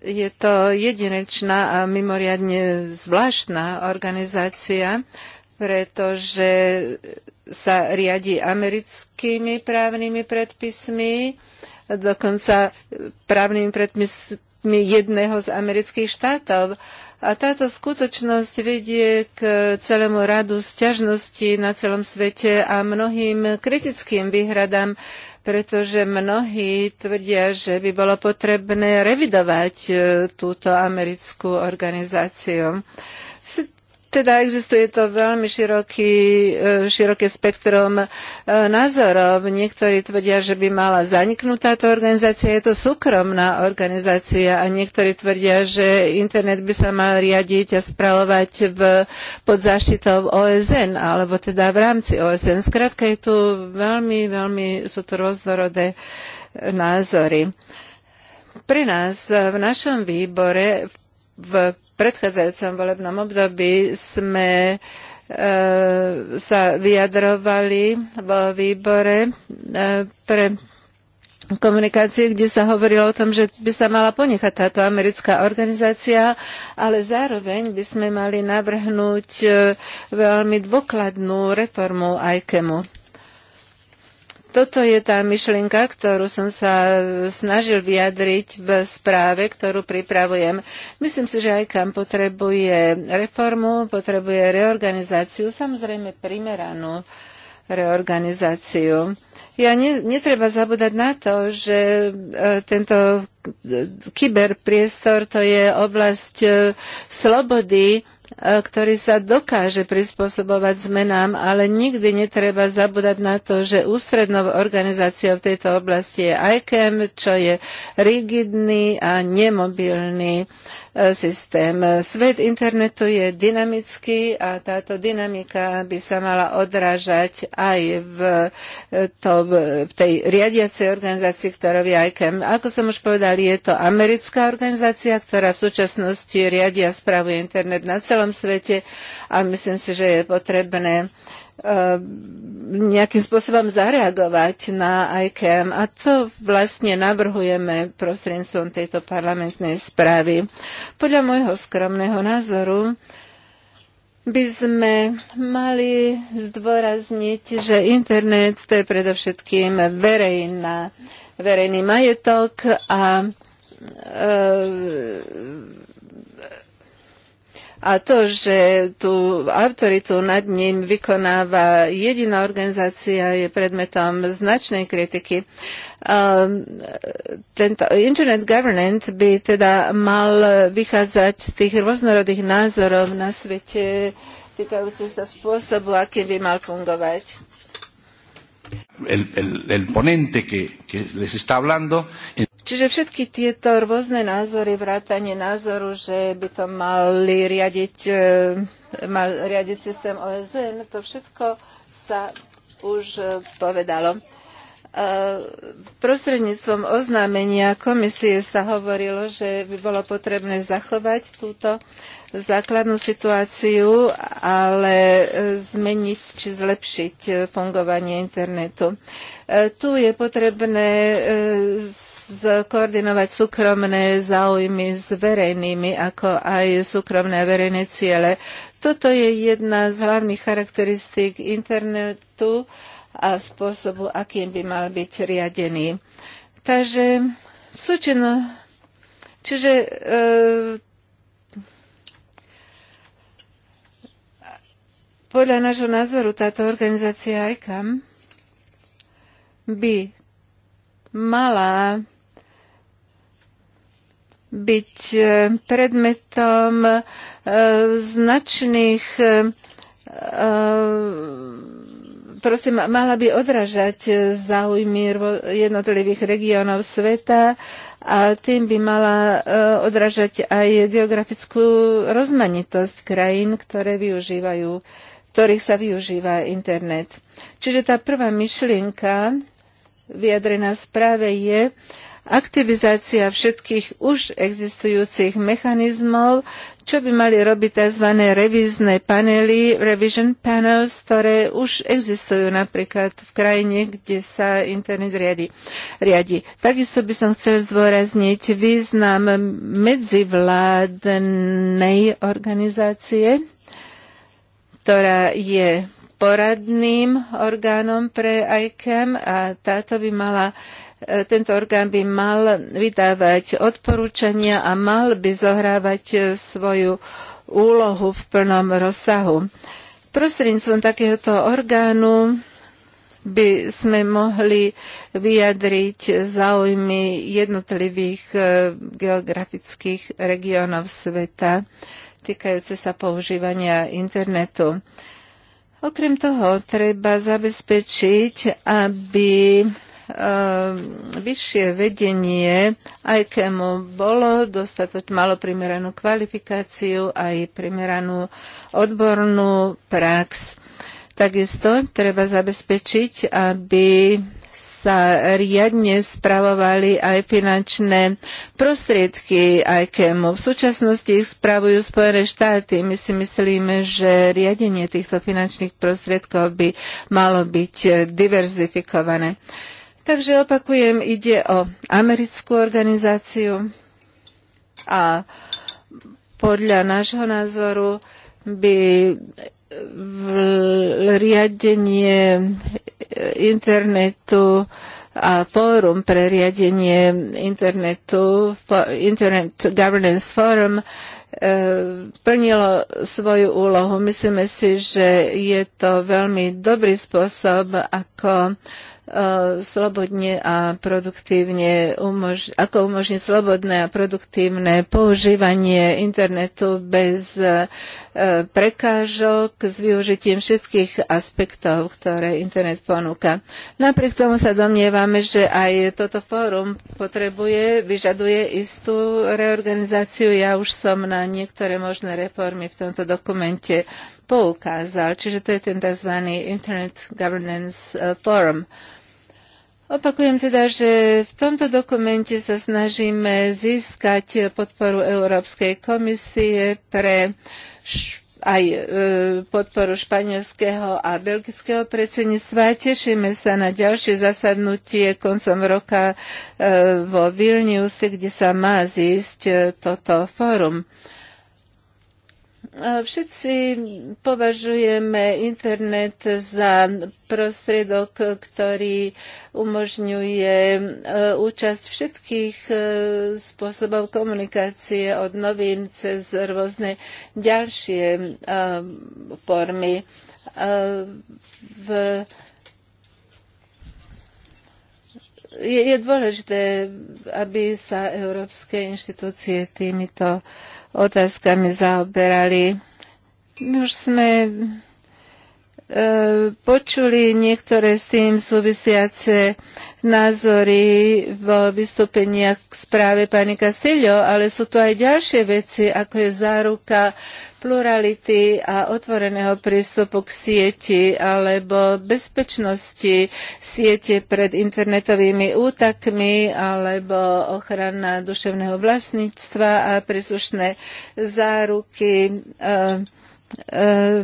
Je to jedinečná a mimoriadne zvláštna organizácia, pretože sa riadi americkými právnymi predpismi, dokonca právnymi predpismi jedného z amerických štátov. A táto skutočnosť vedie k celému radu sťažností na celom svete a mnohým kritickým výhradám, pretože mnohí tvrdia, že by bolo potrebné revidovať e, túto americkú organizáciu. Teda existuje to veľmi široký, e, široké spektrum e, názorov. Niektorí tvrdia, že by mala zaniknúť táto organizácia. Je to súkromná organizácia a niektorí tvrdia, že internet by sa mal riadiť a spravovať v, pod zaštitou OSN alebo teda v rámci OSN. Zkrátka je tu veľmi, veľmi, sú tu rôznorodé názory. Pre nás v našom výbore v predchádzajúcom volebnom období sme e, sa vyjadrovali vo výbore e, pre komunikácie, kde sa hovorilo o tom, že by sa mala ponechať táto americká organizácia, ale zároveň by sme mali navrhnúť e, veľmi dôkladnú reformu ICAMu. Toto je tá myšlienka, ktorú som sa snažil vyjadriť v správe, ktorú pripravujem. Myslím si, že aj kam potrebuje reformu, potrebuje reorganizáciu, samozrejme primeranú reorganizáciu. Ja ne, netreba zabúdať na to, že e, tento kyberpriestor to je oblasť e, slobody, E, ktorý sa dokáže prispôsobovať zmenám, ale nikdy netreba zabúdať na to, že ústrednou organizáciou v tejto oblasti je ICAM, čo je rigidný a nemobilný uh, E, systém. Svet internetu je dynamický a táto dynamika by sa mala odrážať aj v, e, to, v tej riadiacej organizácii, ktorou je ICAM. Ako som už povedal, je to americká organizácia, ktorá v súčasnosti riadia a spravuje internet na celom svete a myslím si, že je potrebné uh, E, nejakým spôsobom zareagovať na ICAM a to vlastne navrhujeme prostredníctvom tejto parlamentnej správy. Podľa môjho skromného názoru by sme mali zdôrazniť, že internet to je predovšetkým verejná, verejný majetok a e, a to, že tú autoritu nad ním vykonáva jediná organizácia, je predmetom značnej kritiky. Um, tento Internet Governance by teda mal vychádzať z tých rôznorodých názorov na svete týkajúce sa spôsobu, akým by mal fungovať. El, el, el ponente que, que les está hablando... En... Čiže všetky tieto rôzne názory, vrátanie názoru, že by to mali riadiť, e, mal riadiť systém OSN, to všetko sa už povedalo. E, prostredníctvom oznámenia komisie sa hovorilo, že by bolo potrebné zachovať túto základnú situáciu, ale e, zmeniť či zlepšiť fungovanie internetu. Tu je potrebné koordinovať súkromné záujmy s verejnými, ako aj súkromné a verejné ciele. Toto je jedna z hlavných charakteristík internetu a spôsobu, akým by mal byť riadený. Takže súčino, čiže e, podľa nášho názoru táto organizácia ICAM by mala byť e, predmetom e, značných e, proste mala by odražať záujmy jednotlivých regiónov sveta a tým by mala odražať aj geografickú rozmanitosť krajín, ktoré využívajú, ktorých sa využíva internet. Čiže tá prvá myšlienka vyjadrená v správe, je aktivizácia všetkých už existujúcich mechanizmov, čo by mali robiť tzv. revízne panely, revision panels, ktoré už existujú napríklad v krajine, kde sa internet riadi. riadi. Takisto by som chcel zdôrazniť význam medzivládnej organizácie, ktorá je poradným orgánom pre ICAM a táto by mala e, tento orgán by mal vydávať odporúčania a mal by zohrávať e, svoju úlohu v plnom rozsahu. Prostredníctvom takéhoto orgánu by sme mohli vyjadriť záujmy jednotlivých e, geografických regiónov sveta týkajúce sa používania internetu. Okrem toho treba zabezpečiť, aby eh, vyššie vedenie aj kému e bolo dostatoč, malo primeranú kvalifikáciu aj primeranú odbornú prax. Takisto treba zabezpečiť, aby sa riadne spravovali aj finančné prostriedky ICAMu. V súčasnosti ich spravujú Spojené štáty. My si myslíme, že riadenie týchto finančných prostriedkov by malo byť eh, diverzifikované. Takže opakujem, ide o americkú organizáciu a podľa nášho názoru by riadenie internetu a fórum pre riadenie internetu, Internet Governance Forum, E, plnilo svoju úlohu. Myslíme si, že je to veľmi dobrý spôsob, ako e, slobodne a produktívne umož- ako umožniť slobodné a produktívne používanie internetu bez e, prekážok s využitím všetkých aspektov, ktoré internet ponúka. Napriek tomu sa domnievame, že aj toto fórum potrebuje, vyžaduje istú reorganizáciu. Ja už som na niektoré možné reformy v tomto dokumente poukázal. Čiže to je ten tzv. Internet Governance e, Forum. Opakujem teda, že v tomto dokumente sa snažíme získať podporu Európskej komisie pre š- aj e, podporu španielského a belgického predsedníctva. Tešíme sa na ďalšie zasadnutie koncom roka e, vo Vilniuse, kde sa má zísť e, toto fórum. Všetci považujeme internet za prostriedok, ktorý umožňuje e, účasť všetkých e, spôsobov komunikácie od novín cez rôzne ďalšie e, formy. V je, je dôležité, aby sa európske inštitúcie týmito otázkami zaoberali. My už sme E, počuli niektoré s tým súvisiace názory v vystúpeniach k správe pani Castillo, ale sú tu aj ďalšie veci, ako je záruka plurality a otvoreného prístupu k sieti alebo bezpečnosti siete pred internetovými útakmi alebo ochrana duševného vlastníctva a príslušné záruky e,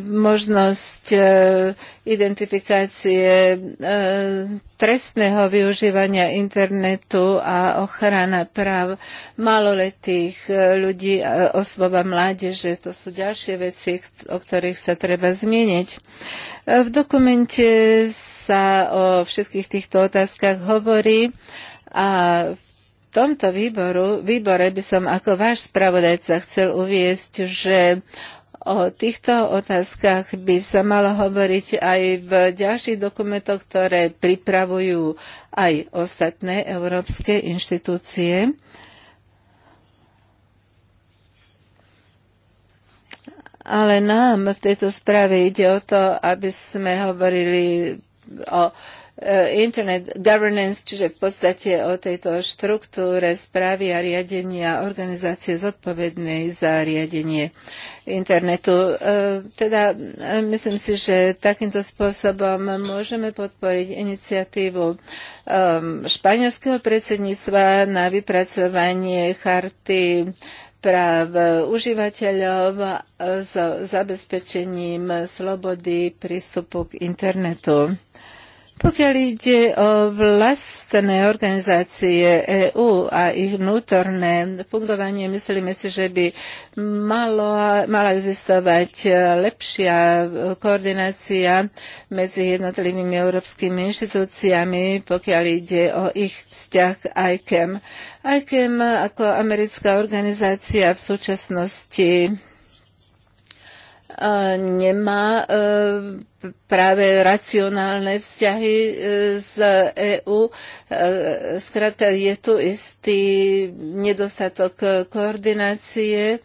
možnosť e, identifikácie e, trestného využívania internetu a ochrana práv maloletých e, ľudí, a osoba mládeže. To sú ďalšie veci, o ktorých sa treba zmieniť. V dokumente sa o všetkých týchto otázkach hovorí a v v tomto výboru, výbore by som ako váš spravodajca chcel uviesť, že O týchto otázkach by sa malo hovoriť aj v ďalších dokumentoch, ktoré pripravujú aj ostatné európske inštitúcie. Ale nám v tejto správe ide o to, aby sme hovorili o Eh, internet Governance, čiže v podstate o tejto štruktúre správy a riadenia organizácie zodpovednej za riadenie internetu. Eh, teda eh, myslím si, že takýmto spôsobom môžeme podporiť iniciatívu španielského predsedníctva na vypracovanie charty práv užívateľov s zabezpečením slobody prístupu k internetu. Pokiaľ ide o vlastné organizácie EÚ a ich vnútorné fungovanie, myslíme si, že by malo, mala existovať lepšia koordinácia medzi jednotlivými európskymi inštitúciami, pokiaľ ide o ich vzťah k ICAM. ICAM ako americká organizácia v súčasnosti nemá e, práve racionálne vzťahy e, z EÚ. Skrátka, e, je tu istý nedostatok koordinácie,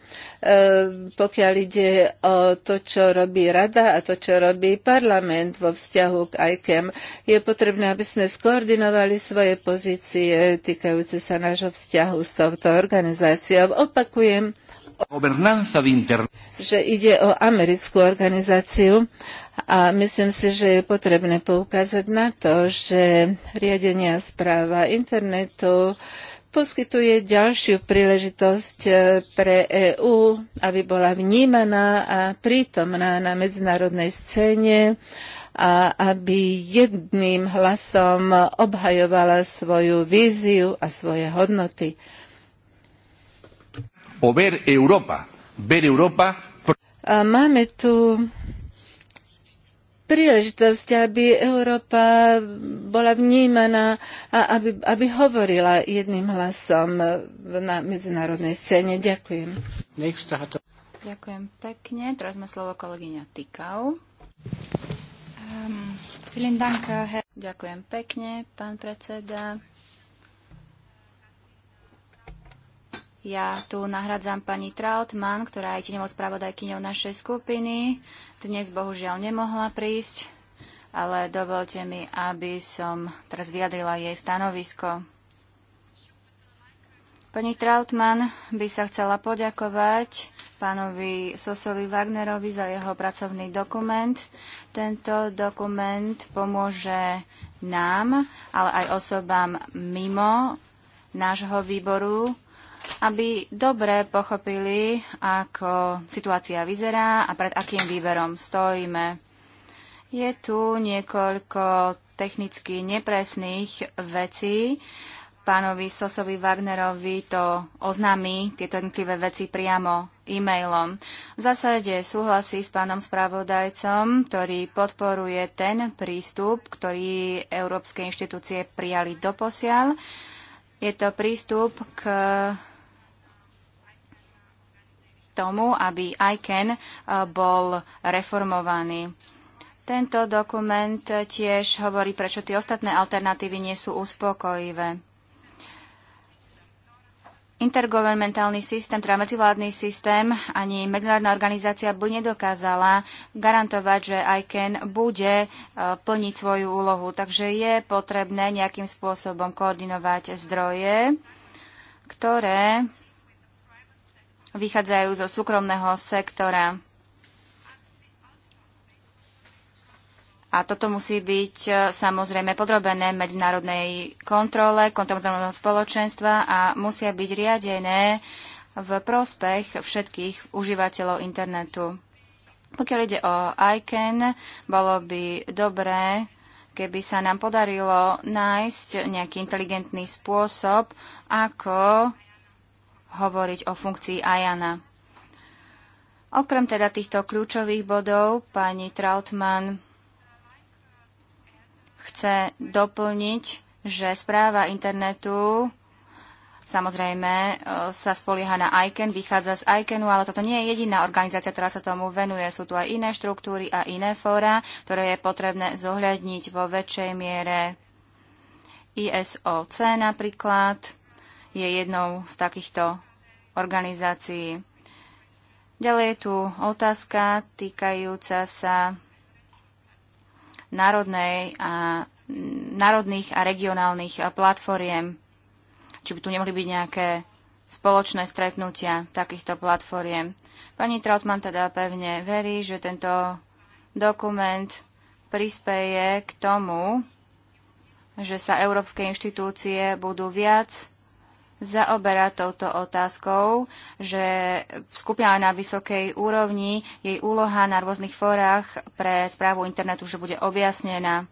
pokiaľ ide o to, čo robí Rada a to, čo robí parlament vo vzťahu k ICAM. Je potrebné, aby sme skoordinovali svoje pozície týkajúce sa nášho vzťahu s touto organizáciou. Opakujem, že ide o americkú organizáciu a myslím si, že je potrebné poukázať na to, že riadenia správa internetu poskytuje ďalšiu príležitosť eh, pre EÚ, aby bola vnímaná a prítomná na medzinárodnej scéne a aby jedným hlasom obhajovala svoju víziu a svoje hodnoty o ver Europa, ver Europa. A máme tu príležitosť, aby Európa bola vnímaná a aby, aby hovorila jedným hlasom na medzinárodnej scéne. Ďakujem. Ďakujem pekne. Teraz má slovo kolegyňa Tykau. Um, ehm, Ďakujem pekne, pán predseda. Ja tu nahradzam pani Trautmann, ktorá je tenovou spravodajkyňou našej skupiny. Dnes bohužiaľ nemohla prísť, ale dovolte mi, aby som teraz vyjadrila jej stanovisko. Pani Trautmann by sa chcela poďakovať pánovi Sosovi Wagnerovi za jeho pracovný dokument. Tento dokument pomôže nám, ale aj osobám mimo nášho výboru aby dobre pochopili, ako situácia vyzerá a pred akým výberom stojíme. Je tu niekoľko technicky nepresných vecí. Pánovi Sosovi Wagnerovi to oznámi, tieto jednotlivé veci priamo e-mailom. V zásade súhlasí s pánom spravodajcom, ktorý podporuje ten prístup, ktorý európske inštitúcie prijali doposiaľ. Je to prístup k tomu, aby ICAN e, bol reformovaný. Tento dokument tiež hovorí, prečo tie ostatné alternatívy nie sú uspokojivé. Intergovernmentálny systém, teda medzivládny systém, ani medzinárodná organizácia by nedokázala garantovať, že ICAN bude e, plniť svoju úlohu. Takže je potrebné nejakým spôsobom koordinovať zdroje, ktoré vychádzajú zo súkromného sektora. A toto musí byť e, samozrejme podrobené medzinárodnej kontrole, kontrolovaného spoločenstva a musia byť riadené v prospech všetkých užívateľov internetu. Pokiaľ ide o ICANN, bolo by dobré, keby sa nám podarilo nájsť nejaký inteligentný spôsob, ako hovoriť o funkcii Ajana. Okrem teda týchto kľúčových bodov, pani Trautmann chce doplniť, že správa internetu samozrejme e, sa spolieha na ICANN, vychádza z ICANNu, ale toto nie je jediná organizácia, ktorá sa tomu venuje. Sú tu aj iné štruktúry a iné fóra, ktoré je potrebné zohľadniť vo väčšej miere ISOC napríklad je jednou z takýchto organizácií. Ďalej je tu otázka týkajúca sa národnej a, národných a regionálnych platformiem. Či by tu nemohli byť nejaké spoločné stretnutia takýchto platformiem. Pani Trautmann teda pevne verí, že tento dokument prispeje k tomu, že sa európske inštitúcie budú viac zaoberá touto otázkou, že skupina na vysokej úrovni, jej úloha na rôznych fórach pre správu internetu, že bude objasnená.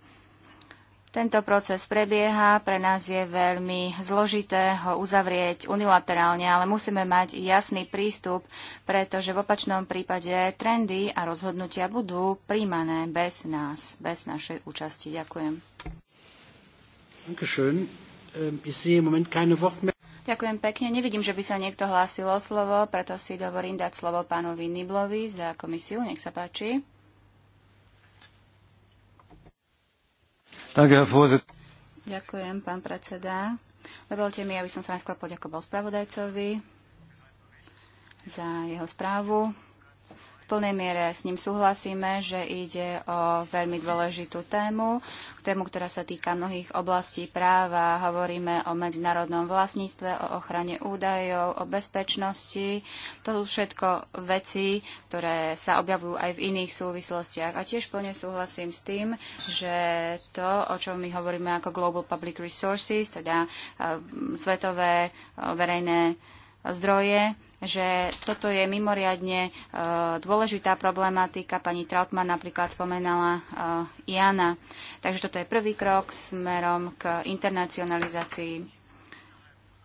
Tento proces prebieha, pre nás je veľmi zložité ho uzavrieť unilaterálne, ale musíme mať jasný prístup, pretože v opačnom prípade trendy a rozhodnutia budú príjmané bez nás, bez našej účasti. Ďakujem. Dankeschön. Ähm, ich sehe im Moment keine Wortmeldungen. Ďakujem pekne. Nevidím, že by sa niekto hlásil o slovo, preto si dovolím dať slovo pánovi Niblovi za komisiu. Nech sa páči. Ďakujem, pán predseda. Dovolte mi, aby som sa najskôr poďakoval spravodajcovi za jeho správu plnej miere s ním súhlasíme, že ide o veľmi dôležitú tému, tému, ktorá sa týka mnohých oblastí práva. Hovoríme o medzinárodnom vlastníctve, o ochrane údajov, o bezpečnosti. To sú všetko veci, ktoré sa objavujú aj v iných súvislostiach. A tiež plne súhlasím s tým, že to, o čom my hovoríme ako Global Public Resources, teda e, svetové e, verejné zdroje, že toto je mimoriadne e, dôležitá problematika. Pani Trautmann napríklad spomenala e, Jana. Takže toto je prvý krok smerom k internacionalizácii.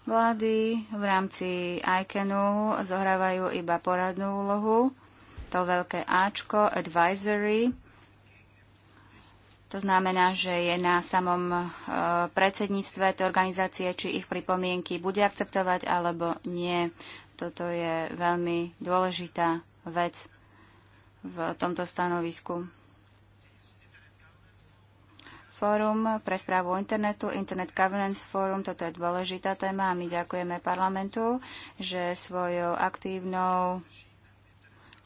Vlády v rámci ICANu zohrávajú iba poradnú úlohu, to veľké Ačko, advisory, to znamená, že je na samom e, predsedníctve tej organizácie, či ich pripomienky bude akceptovať alebo nie. Toto je veľmi dôležitá vec v tomto stanovisku. Fórum pre správu internetu, Internet Governance Forum, toto je dôležitá téma a my ďakujeme parlamentu, že svojou aktívnou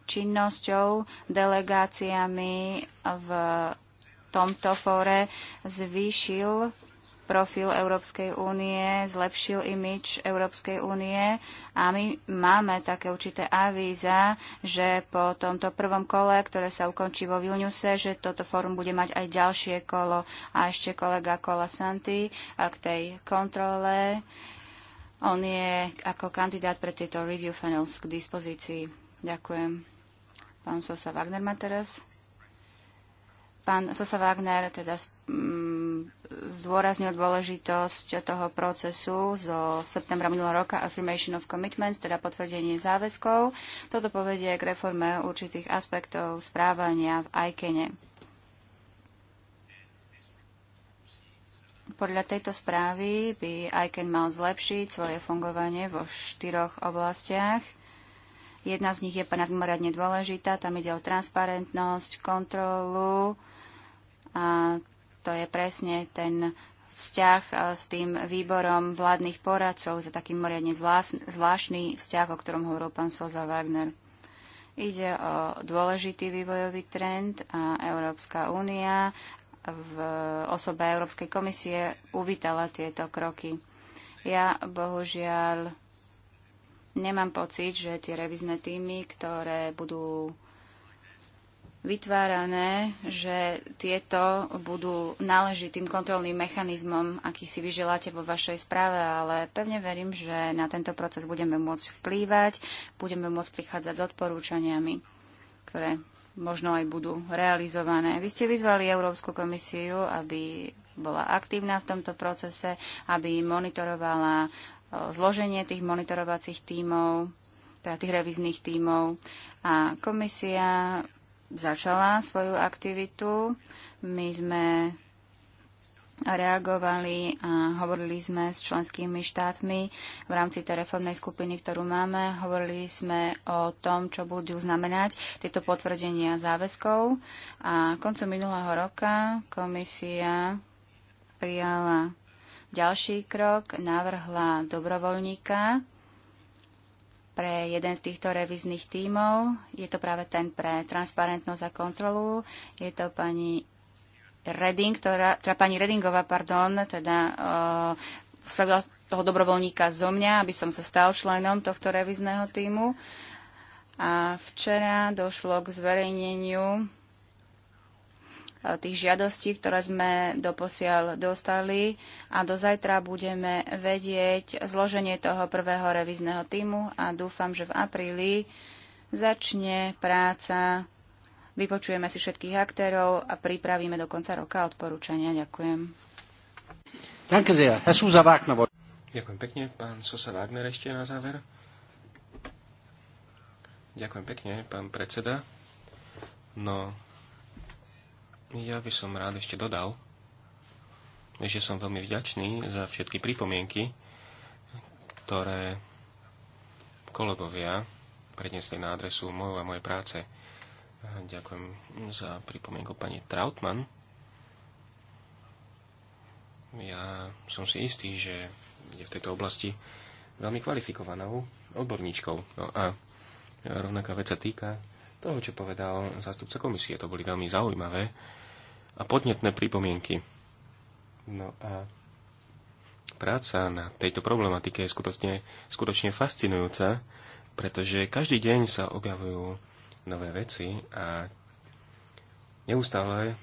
činnosťou, delegáciami v tomto fóre zvýšil profil Európskej únie, zlepšil imič Európskej únie a my máme také určité avíza, že po tomto prvom kole, ktoré sa ukončí vo Vilniuse, že toto fórum bude mať aj ďalšie kolo a ešte kolega Kola Santi a k tej kontrole. On je ako kandidát pre tieto review funnels k dispozícii. Ďakujem. Pán Sosa Wagner má teraz. Pán Sosa Wagner, teda mm, zdôraznil dôležitosť toho procesu zo septembra minulého roka Affirmation of Commitments, teda potvrdenie záväzkov. Toto povedie k reforme určitých aspektov správania v ICANE. Podľa tejto správy by ICAN mal zlepšiť svoje fungovanie vo štyroch oblastiach. Jedna z nich je pre nás mimoriadne dôležitá, tam ide o transparentnosť, kontrolu a to je presne ten vzťah e, s tým výborom vládnych poradcov, za taký moriadne zvláštny vzťah, o ktorom hovoril pán Soza Wagner. Ide o dôležitý vývojový trend a Európska únia v osobe Európskej komisie uvítala tieto kroky. Ja bohužiaľ nemám pocit, že tie revizné týmy, ktoré budú vytvárané, že tieto budú náležitým kontrolným mechanizmom, aký si vyželáte vo vašej správe, ale pevne verím, že na tento proces budeme môcť vplývať, budeme môcť prichádzať s odporúčaniami, ktoré možno aj budú realizované. Vy ste vyzvali Európsku komisiu, aby bola aktívna v tomto procese, aby monitorovala e, zloženie tých monitorovacích tímov, teda tých revizných tímov. A komisia začala svoju aktivitu. My sme reagovali a hovorili sme s členskými štátmi v rámci tej reformnej skupiny, ktorú máme. Hovorili sme o tom, čo budú znamenať tieto potvrdenia záväzkov. A koncom minulého roka komisia prijala ďalší krok, navrhla dobrovoľníka pre jeden z týchto revizných tímov. Je to práve ten pre transparentnosť a kontrolu. Je to pani Reding, ktorá, teda pani Redingová, pardon, teda uh, e, spravila toho dobrovoľníka zo mňa, aby som sa stal členom tohto revizného týmu. A včera došlo k zverejneniu Eh, tých žiadostí, ktoré sme doposiaľ dostali a do zajtra budeme vedieť zloženie toho prvého revízneho týmu a dúfam, že v apríli začne práca, vypočujeme si všetkých aktérov a pripravíme do konca roka odporúčania. Ďakujem. Ďakujem pekne. Pán Sosa Wagner ešte na záver. Ďakujem pekne, pán predseda. No, ja by som rád ešte dodal, že som veľmi vďačný za všetky pripomienky, ktoré kolegovia predniesli na adresu mojho a mojej práce. Ďakujem za pripomienku pani Trautmann. Ja som si istý, že je v tejto oblasti veľmi kvalifikovanou odborníčkou. No a rovnaká vec sa týka toho, čo povedal zástupca komisie. To boli veľmi zaujímavé a podnetné pripomienky. No a práca na tejto problematike je skutočne, skutočne fascinujúca, pretože každý deň sa objavujú nové veci a neustále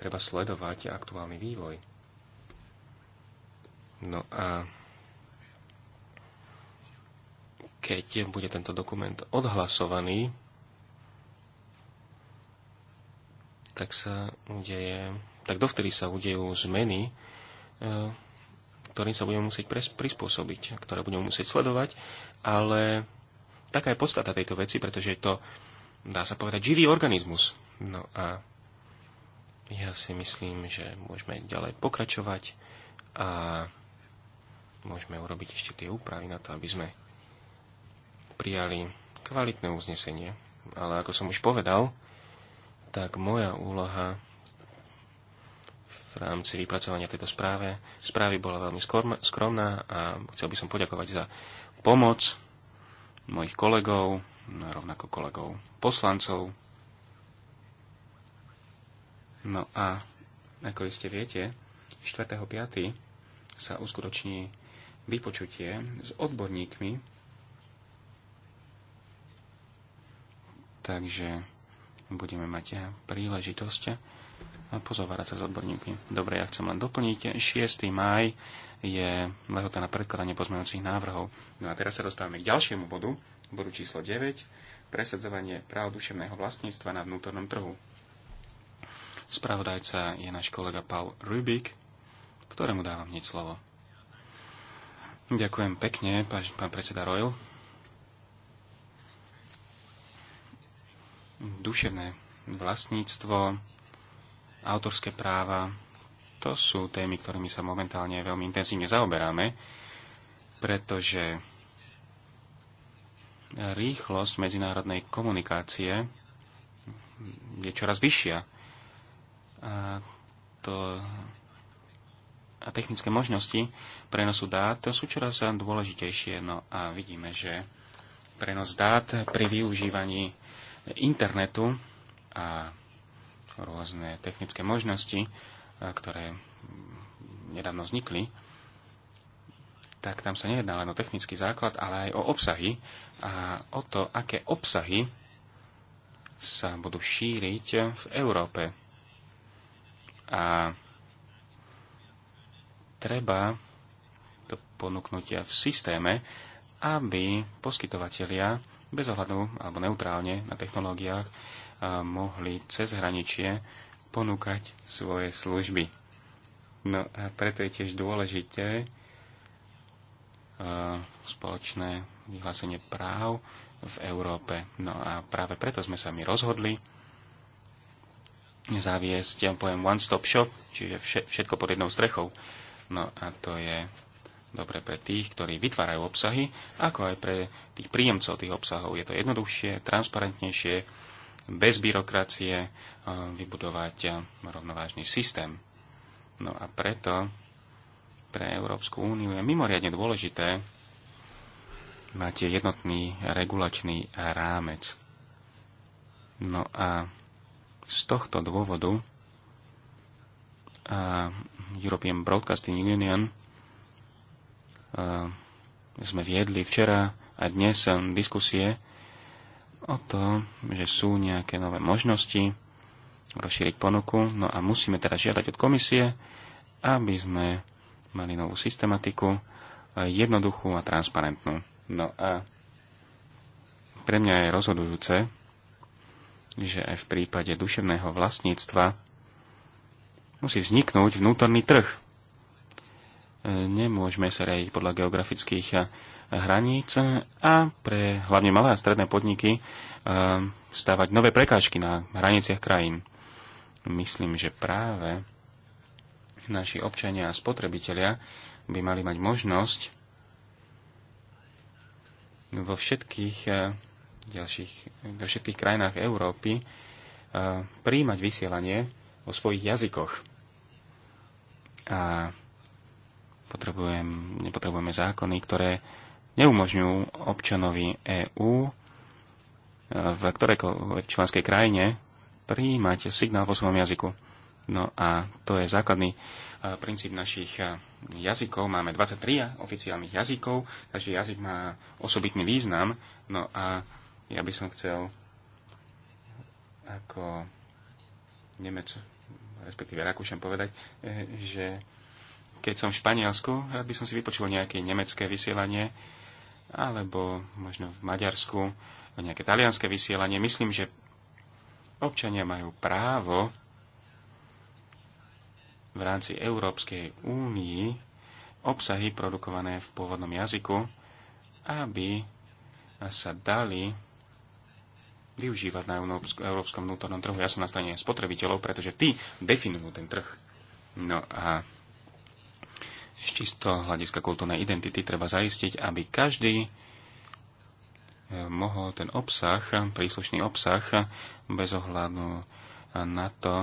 treba sledovať aktuálny vývoj. No a keď bude tento dokument odhlasovaný, tak sa udeje, tak dovtedy sa udejú zmeny, e, ktorým sa budeme musieť prispôsobiť, ktoré budeme musieť sledovať, ale taká je podstata tejto veci, pretože je to, dá sa povedať, živý organizmus. No a ja si myslím, že môžeme ďalej pokračovať a môžeme urobiť ešte tie úpravy na to, aby sme prijali kvalitné uznesenie. Ale ako som už povedal, tak moja úloha v rámci vypracovania tejto správy správy bola veľmi skromná a chcel by som poďakovať za pomoc mojich kolegov, no rovnako kolegov poslancov. No a ako iste viete, 4.5. sa uskutoční vypočutie s odborníkmi. Takže budeme mať príležitosť pozovárať sa s odborníkmi. Dobre, ja chcem len doplniť. 6. maj je lehota na predkladanie pozmeňujúcich návrhov. No a teraz sa dostávame k ďalšiemu bodu, bodu číslo 9, presadzovanie práv duševného vlastníctva na vnútornom trhu. Spravodajca je náš kolega Paul Rubik, ktorému dávam hneď slovo. Ďakujem pekne, pán predseda Royal. duševné vlastníctvo, autorské práva, to sú témy, ktorými sa momentálne veľmi intenzívne zaoberáme, pretože rýchlosť medzinárodnej komunikácie je čoraz vyššia. A, to, a technické možnosti prenosu dát to sú čoraz dôležitejšie. No a vidíme, že prenos dát pri využívaní internetu a rôzne technické možnosti, e, ktoré nedávno vznikli, tak tam sa nejedná len o technický základ, ale aj o obsahy a o to, aké obsahy sa budú šíriť v Európe. A treba to ponúknutia v systéme, aby poskytovatelia bez ohľadu alebo neutrálne na technológiách mohli cez hraničie ponúkať svoje služby. No a preto je tiež dôležité spoločné vyhlásenie práv v Európe. No a práve preto sme sa my rozhodli zaviesť pojem One Stop Shop, čiže všetko pod jednou strechou. No a to je dobre pre tých, ktorí vytvárajú obsahy, ako aj pre tých príjemcov tých obsahov. Je to jednoduchšie, transparentnejšie, bez byrokracie eh, vybudovať eh, rovnovážny systém. No a preto pre Európsku úniu je mimoriadne dôležité mať jednotný regulačný rámec. No a z tohto dôvodu a eh, European Broadcasting Union sme viedli včera a dnes diskusie o to, že sú nejaké nové možnosti rozšíriť ponuku. No a musíme teraz žiadať od komisie, aby sme mali novú systematiku, jednoduchú a transparentnú. No a pre mňa je rozhodujúce, že aj v prípade duševného vlastníctva musí vzniknúť vnútorný trh nemôžeme sa riadiť podľa geografických eh, hraníc a pre hlavne malé a stredné podniky eh, stávať nové prekážky na hraniciach krajín. Myslím, že práve naši občania a spotrebitelia by mali mať možnosť vo všetkých eh, ďalších, vo všetkých krajinách Európy príjmať vysielanie o svojich jazykoch. A Potrebujem, nepotrebujeme zákony, ktoré neumožňujú občanovi EÚ e, v ktorejkoľvek členskej krajine prijímať signál vo svojom jazyku. No a to je základný e, princíp našich e, jazykov. Máme 23 oficiálnych jazykov, každý jazyk má osobitný význam. No a ja by som chcel ako Nemec, respektíve Rakúšan povedať, že keď som v Španielsku, rád by som si vypočul nejaké nemecké vysielanie, alebo možno v Maďarsku, nejaké talianské vysielanie. Myslím, že občania majú právo v rámci Európskej únii obsahy produkované v pôvodnom jazyku, aby sa dali využívať na európskom vnútornom trhu. Ja som na strane spotrebiteľov, pretože tí definujú ten trh. No a z čisto hľadiska kultúrnej identity treba zaistiť, aby každý eh, mohol ten obsah, príslušný obsah, bez ohľadu na to,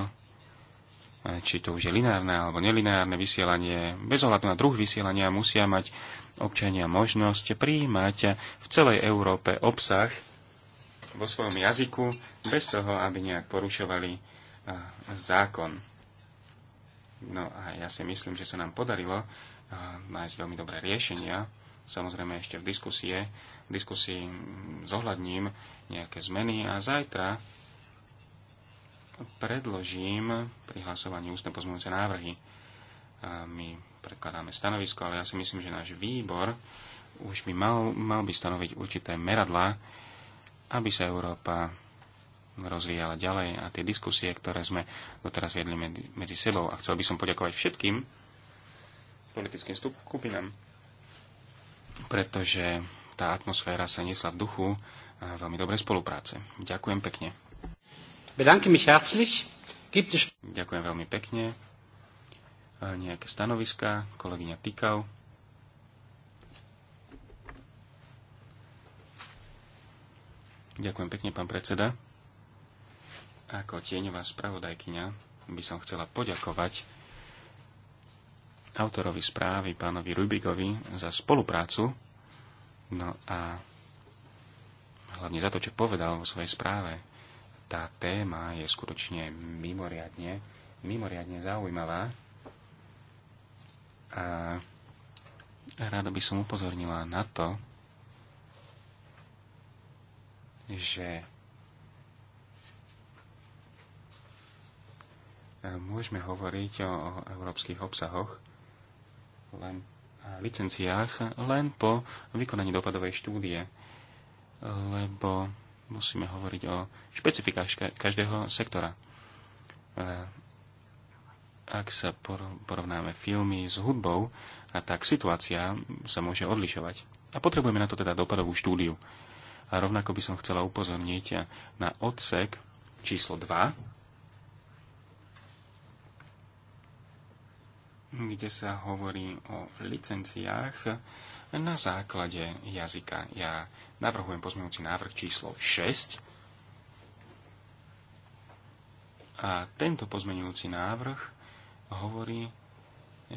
eh, či to už je lineárne alebo nelineárne vysielanie, bez ohľadu na druh vysielania musia mať občania možnosť prijímať v celej Európe obsah vo svojom jazyku, bez toho, aby nejak porušovali eh, zákon. No a ja si myslím, že sa nám podarilo eh, nájsť veľmi dobré riešenia. Samozrejme ešte v diskusie, v diskusii mm, zohľadním nejaké zmeny a zajtra predložím pri hlasovaní ústne pozmúvajúce návrhy. A eh, my predkladáme stanovisko, ale ja si myslím, že náš výbor už by mal, mal by stanoviť určité meradla, aby sa Európa rozvíjala ďalej a tie diskusie, ktoré sme doteraz viedli medzi, medzi sebou. A chcel by som poďakovať všetkým politickým skupinám, pretože tá atmosféra sa nesla v duchu a veľmi dobrej spolupráce. Ďakujem pekne. Ďakujem veľmi pekne. A nejaké stanoviska, kolegyňa Tikau. Ďakujem pekne, pán predseda. Ako tieňová spravodajkyňa by som chcela poďakovať autorovi správy, pánovi Rubigovi, za spoluprácu, no a hlavne za to, čo povedal vo svojej správe. Tá téma je skutočne mimoriadne, mimoriadne zaujímavá. A rado by som upozornila na to, že E, môžeme hovoriť o, o európskych obsahoch len a e, licenciách len po vykonaní dopadovej štúdie, lebo musíme hovoriť o špecifikách každého sektora. E, ak sa porovnáme filmy s hudbou, a tak situácia sa môže odlišovať. A potrebujeme na to teda dopadovú štúdiu. A rovnako by som chcela upozorniť na odsek číslo 2, kde sa hovorí o licenciách na základe jazyka. Ja navrhujem pozmeňujúci návrh číslo 6. A tento pozmeňujúci návrh hovorí,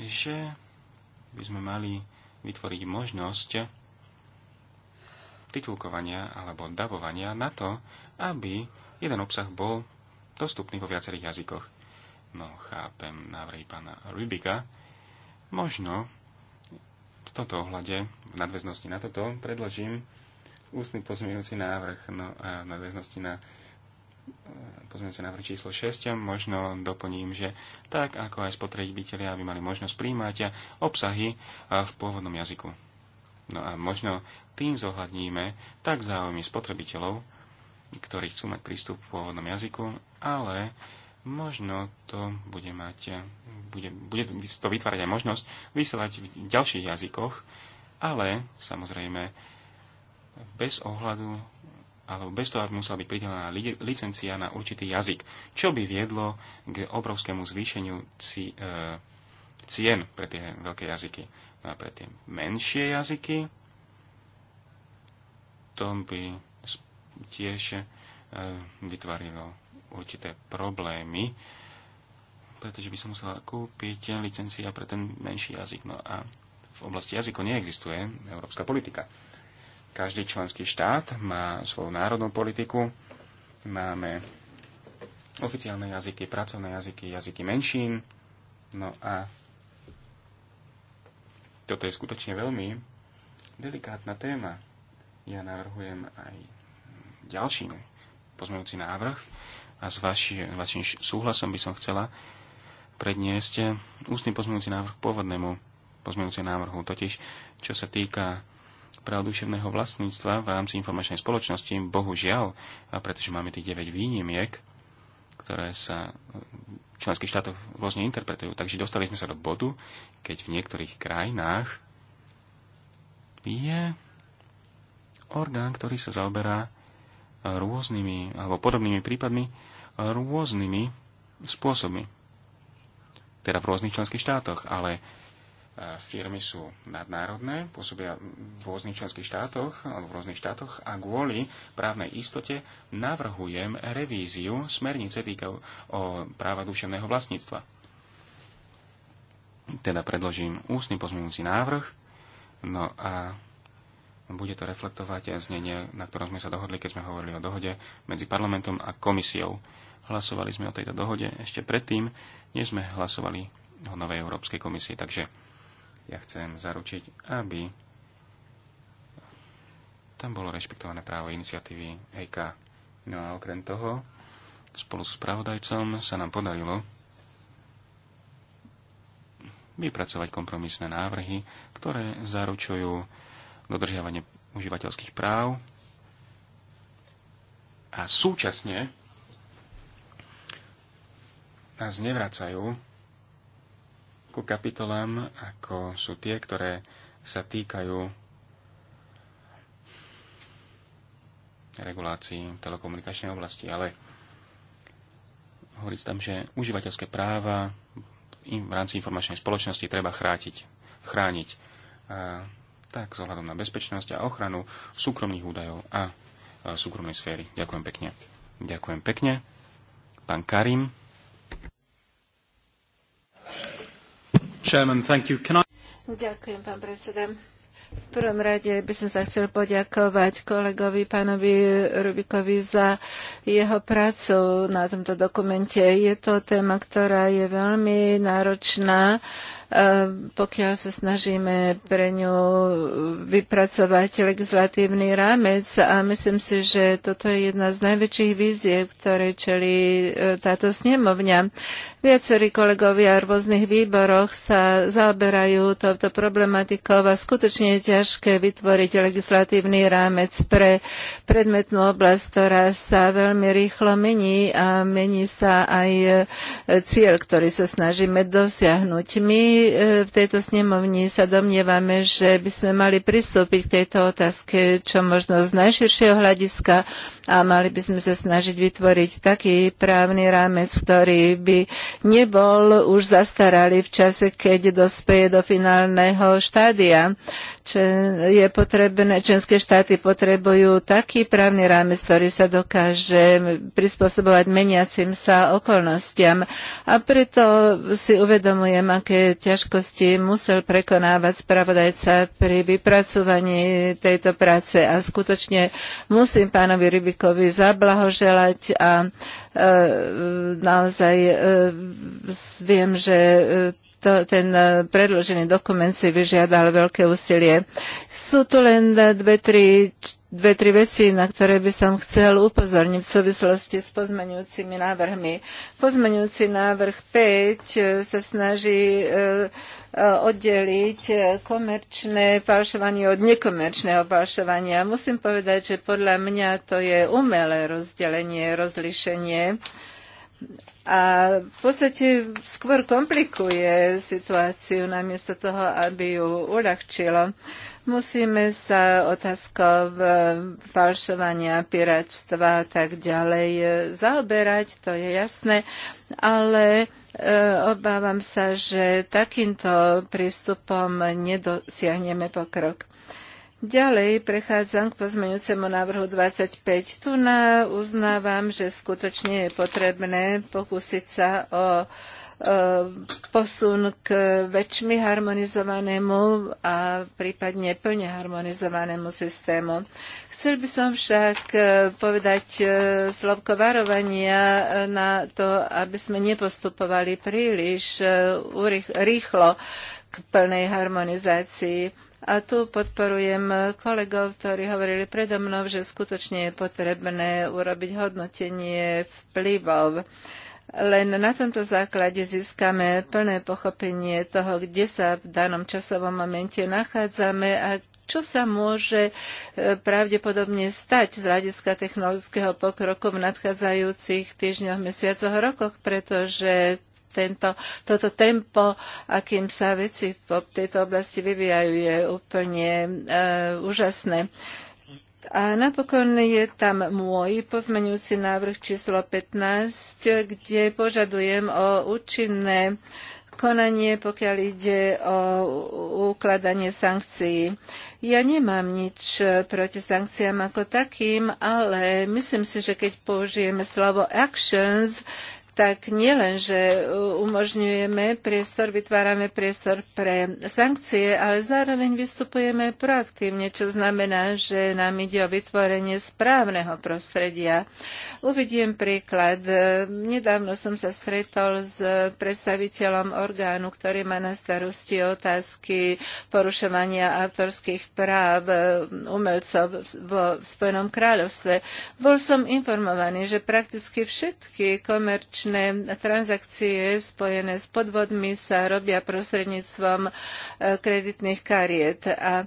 že by sme mali vytvoriť možnosť titulkovania alebo dabovania na to, aby jeden obsah bol dostupný vo viacerých jazykoch. No, chápem návrhy pána Rubika. Možno v tomto ohľade, v nadväznosti na toto, predložím ústny pozmeňujúci návrh no, a v nadväznosti na e, pozmeňujúci návrh číslo 6 možno doplním, že tak ako aj spotrebitelia aby mali možnosť príjmať obsahy e, v pôvodnom jazyku. No a možno tým zohľadníme tak záujmy spotrebiteľov, ktorí chcú mať prístup v pôvodnom jazyku, ale možno to bude mať, bude, bude to vytvárať aj možnosť vysielať v ďalších jazykoch, ale samozrejme bez ohľadu alebo bez toho, aby musela byť pridelená licencia na určitý jazyk, čo by viedlo k obrovskému zvýšeniu ci, e, cien pre tie veľké jazyky. No a pre tie menšie jazyky to by tiež e, vytvorilo určité problémy, pretože by som musela kúpiť licencia pre ten menší jazyk. No a v oblasti jazyku neexistuje európska politika. Každý členský štát má svoju národnú politiku, máme oficiálne jazyky, pracovné jazyky, jazyky menšín. No a toto je skutočne veľmi delikátna téma. Ja navrhujem aj ďalší pozmeňujúci návrh, a s vaši, vašim súhlasom by som chcela predniesť ústny pozmeňujúci návrh k pôvodnému pozmeňujúci návrhu, totiž čo sa týka pravduševného vlastníctva v rámci informačnej spoločnosti, bohužiaľ, a pretože máme tých 9 výnimiek, ktoré sa v členských štátoch rôzne interpretujú. Takže dostali sme sa do bodu, keď v niektorých krajinách je orgán, ktorý sa zaoberá rôznymi alebo podobnými prípadmi, rôznymi spôsobmi. Teda v rôznych členských štátoch, ale e, firmy sú nadnárodné, pôsobia v rôznych členských štátoch alebo v rôznych štátoch a kvôli právnej istote navrhujem revíziu smernice týka o práva duševného vlastníctva. Teda predložím ústny pozmeňujúci návrh, no a bude to reflektovať aj znenie, na ktorom sme sa dohodli, keď sme hovorili o dohode medzi parlamentom a komisiou. Hlasovali sme o tejto dohode ešte predtým, než sme hlasovali o Novej Európskej komisii. Takže ja chcem zaručiť, aby tam bolo rešpektované právo iniciatívy EK. No a okrem toho, spolu s spravodajcom sa nám podarilo vypracovať kompromisné návrhy, ktoré zaručujú dodržiavanie užívateľských práv a súčasne nás nevracajú ku kapitolám, ako sú tie, ktoré sa týkajú regulácií telekomunikačnej oblasti, ale hovorí tam, že užívateľské práva v rámci informačnej spoločnosti treba chrátiť, chrániť a, tak s na bezpečnosť a ochranu súkromných údajov a, a súkromnej sféry. Ďakujem pekne. Ďakujem pekne. Pán Karim. Ďakujem, pán predseda. V prvom rade by som sa chcel poďakovať kolegovi pánovi Rubikovi za jeho prácu na tomto dokumente. Je to téma, ktorá je veľmi náročná Ehm, pokiaľ sa snažíme pre ňu vypracovať legislatívny rámec a myslím si, že toto je jedna z najväčších víziev, ktoré čeli e, táto snemovňa. Viacerí kolegovia v rôznych výboroch sa zaoberajú touto problematikou a skutočne je ťažké vytvoriť legislatívny rámec pre predmetnú oblasť, ktorá sa veľmi rýchlo mení a mení sa aj e, cieľ, ktorý sa snažíme dosiahnuť. My E, v tejto snemovni sa domnievame, že by sme mali pristúpiť k tejto otázke čo možno z najširšieho hľadiska a mali by sme sa snažiť vytvoriť taký právny rámec, ktorý by nebol už zastaralý v čase, keď dospeje do finálneho štádia. Čo je potrebné, členské štáty potrebujú taký právny rámec, ktorý sa dokáže prispôsobovať meniacim sa okolnostiam. A preto si uvedomujem, aké ťa ťažkosti musel prekonávať spravodajca pri vypracovaní tejto práce a skutočne musím pánovi Rybikovi zablahoželať a e, naozaj e, viem, že e, to, ten e, predložený dokument si vyžiadal veľké úsilie. Sú tu len e, dve, tri dve, tri veci, na ktoré by som chcel upozorniť v súvislosti s pozmeňujúcimi návrhmi. Pozmeňujúci návrh 5 e, sa snaží oddeliť komerčné falšovanie od nekomerčného falšovania. Musím povedať, že podľa mňa to je umelé rozdelenie, rozlišenie a v podstate skôr komplikuje situáciu namiesto toho, aby ju uľahčilo. Musíme sa otázkou e, falšovania, piráctva a tak ďalej e, zaoberať, to je jasné, ale e, obávam sa, že takýmto prístupom nedosiahneme pokrok. Ďalej prechádzam k pozmeňujúcemu návrhu 25. Tu na uznávam, že skutočne je potrebné pokúsiť sa o posun k väčšmi harmonizovanému a prípadne plne harmonizovanému systému. Chcel by som však e, povedať e, slovko varovania e, na to, aby sme nepostupovali príliš rýchlo k plnej harmonizácii a tu podporujem kolegov, ktorí hovorili predo mnou, že skutočne je potrebné urobiť hodnotenie vplyvov. Len na tomto základe získame plné pochopenie toho, kde sa v danom časovom momente nachádzame a čo sa môže e, pravdepodobne stať z hľadiska technologického pokroku v nadchádzajúcich týždňoch, mesiacoch, rokoch, pretože tento, toto tempo, akým sa veci v tejto oblasti vyvíjajú, je úplne e, úžasné. A napokon je tam môj pozmeňujúci návrh číslo 15, kde požadujem o účinné konanie, pokiaľ ide o ukladanie sankcií. Ja nemám nič proti sankciám ako takým, ale myslím si, že keď použijeme slovo actions, tak nielen, že e, umožňujeme priestor, vytvárame priestor pre sankcie, ale zároveň vystupujeme proaktívne, čo znamená, že nám ide o vytvorenie správneho prostredia. Uvidím príklad. E, nedávno som sa stretol s predstaviteľom orgánu, ktorý má na starosti otázky porušovania autorských práv e, umelcov vo Spojenom kráľovstve. Bol som informovaný, že prakticky všetky komerčné finančné transakcie spojené s podvodmi sa robia prostredníctvom e, kreditných kariet. A e,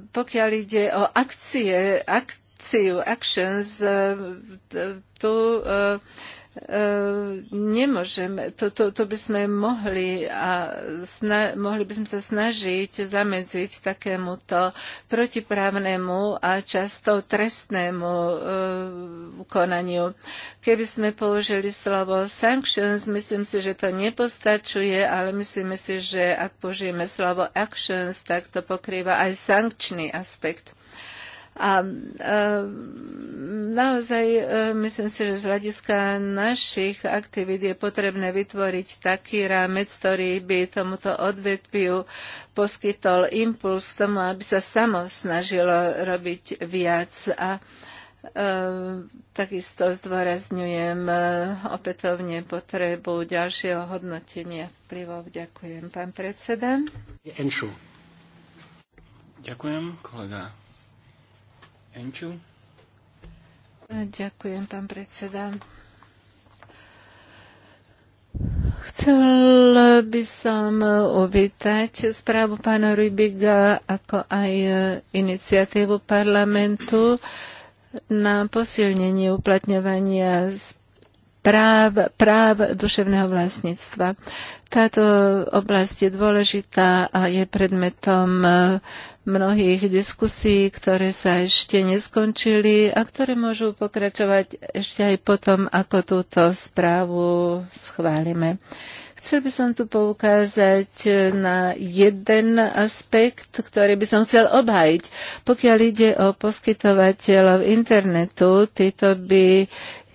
pokiaľ ide o akcie, akciu, actions, e, tu E, nemôžeme, to, to, to by sme mohli a sna, mohli by sme sa snažiť zamedziť takémuto protiprávnemu a často trestnému uh, konaniu. Keby sme použili slovo sanctions, myslím si, že to nepostačuje, ale myslíme si, že ak použijeme slovo actions, tak to pokrýva aj sankčný aspekt. A e, naozaj e, myslím si, že z hľadiska našich aktivít je potrebné vytvoriť taký rámec, ktorý by tomuto odvetviu poskytol impuls tomu, aby sa samo snažilo robiť viac. A e, takisto zdôrazňujem opätovne potrebu ďalšieho hodnotenia vplyvov. Ďakujem, pán predseda. Ďakujem, kolega Enču. Ďakujem, pán predseda. Chcel by som uvítať správu pána Rubiga ako aj iniciatívu parlamentu na posilnenie uplatňovania práv, práv duševného vlastníctva. Táto oblasť je dôležitá a je predmetom e, mnohých diskusí, ktoré sa ešte neskončili a ktoré môžu pokračovať ešte aj potom, ako túto správu schválime. Chcel by som tu poukázať na jeden aspekt, ktorý by som chcel obhajiť. Pokiaľ ide o poskytovateľov internetu, títo by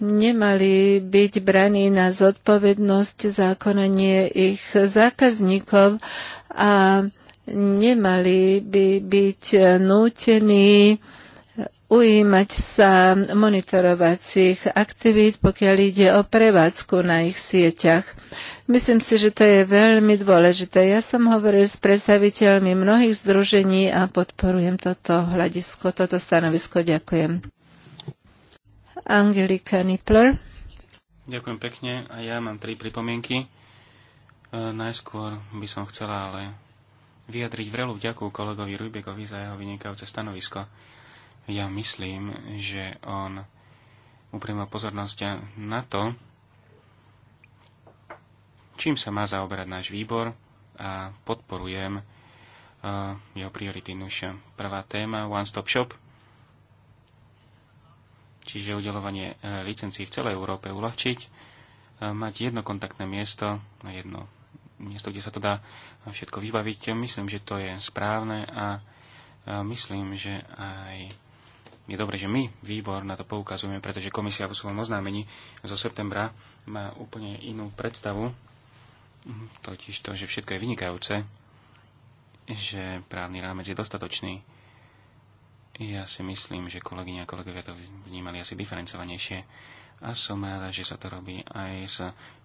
nemali byť braní na zodpovednosť za konanie ich zákazníkov a nemali by byť nútení ujímať sa monitorovacích aktivít, pokiaľ ide o prevádzku na ich sieťach. Myslím si, že to je veľmi dôležité. Ja som hovoril s predstaviteľmi mnohých združení a podporujem toto hľadisko, toto stanovisko. Ďakujem. Angelika Nipler. Ďakujem pekne a ja mám tri pripomienky. E, najskôr by som chcela ale vyjadriť vrelú vďaku kolegovi Rujbekovi za jeho vynikajúce stanovisko. Ja myslím, že on upriamil pozornosť na to, čím sa má zaoberať náš výbor a podporujem e, jeho priority. Nuša. E, prvá téma One Stop Shop, čiže udelovanie e, licencií v celej Európe uľahčiť, mať jedno kontaktné miesto, jedno miesto, kde sa to dá všetko vybaviť. Myslím, že to je správne a myslím, že aj je dobré, že my, výbor, na to poukazujeme, pretože komisia vo svojom oznámení zo septembra má úplne inú predstavu Mhm. totiž to, že všetko je vynikajúce, že právny rámec je dostatočný. Ja si myslím, že kolegyne a kolegovia to vnímali asi diferencovanejšie a som rada, že sa to robí aj s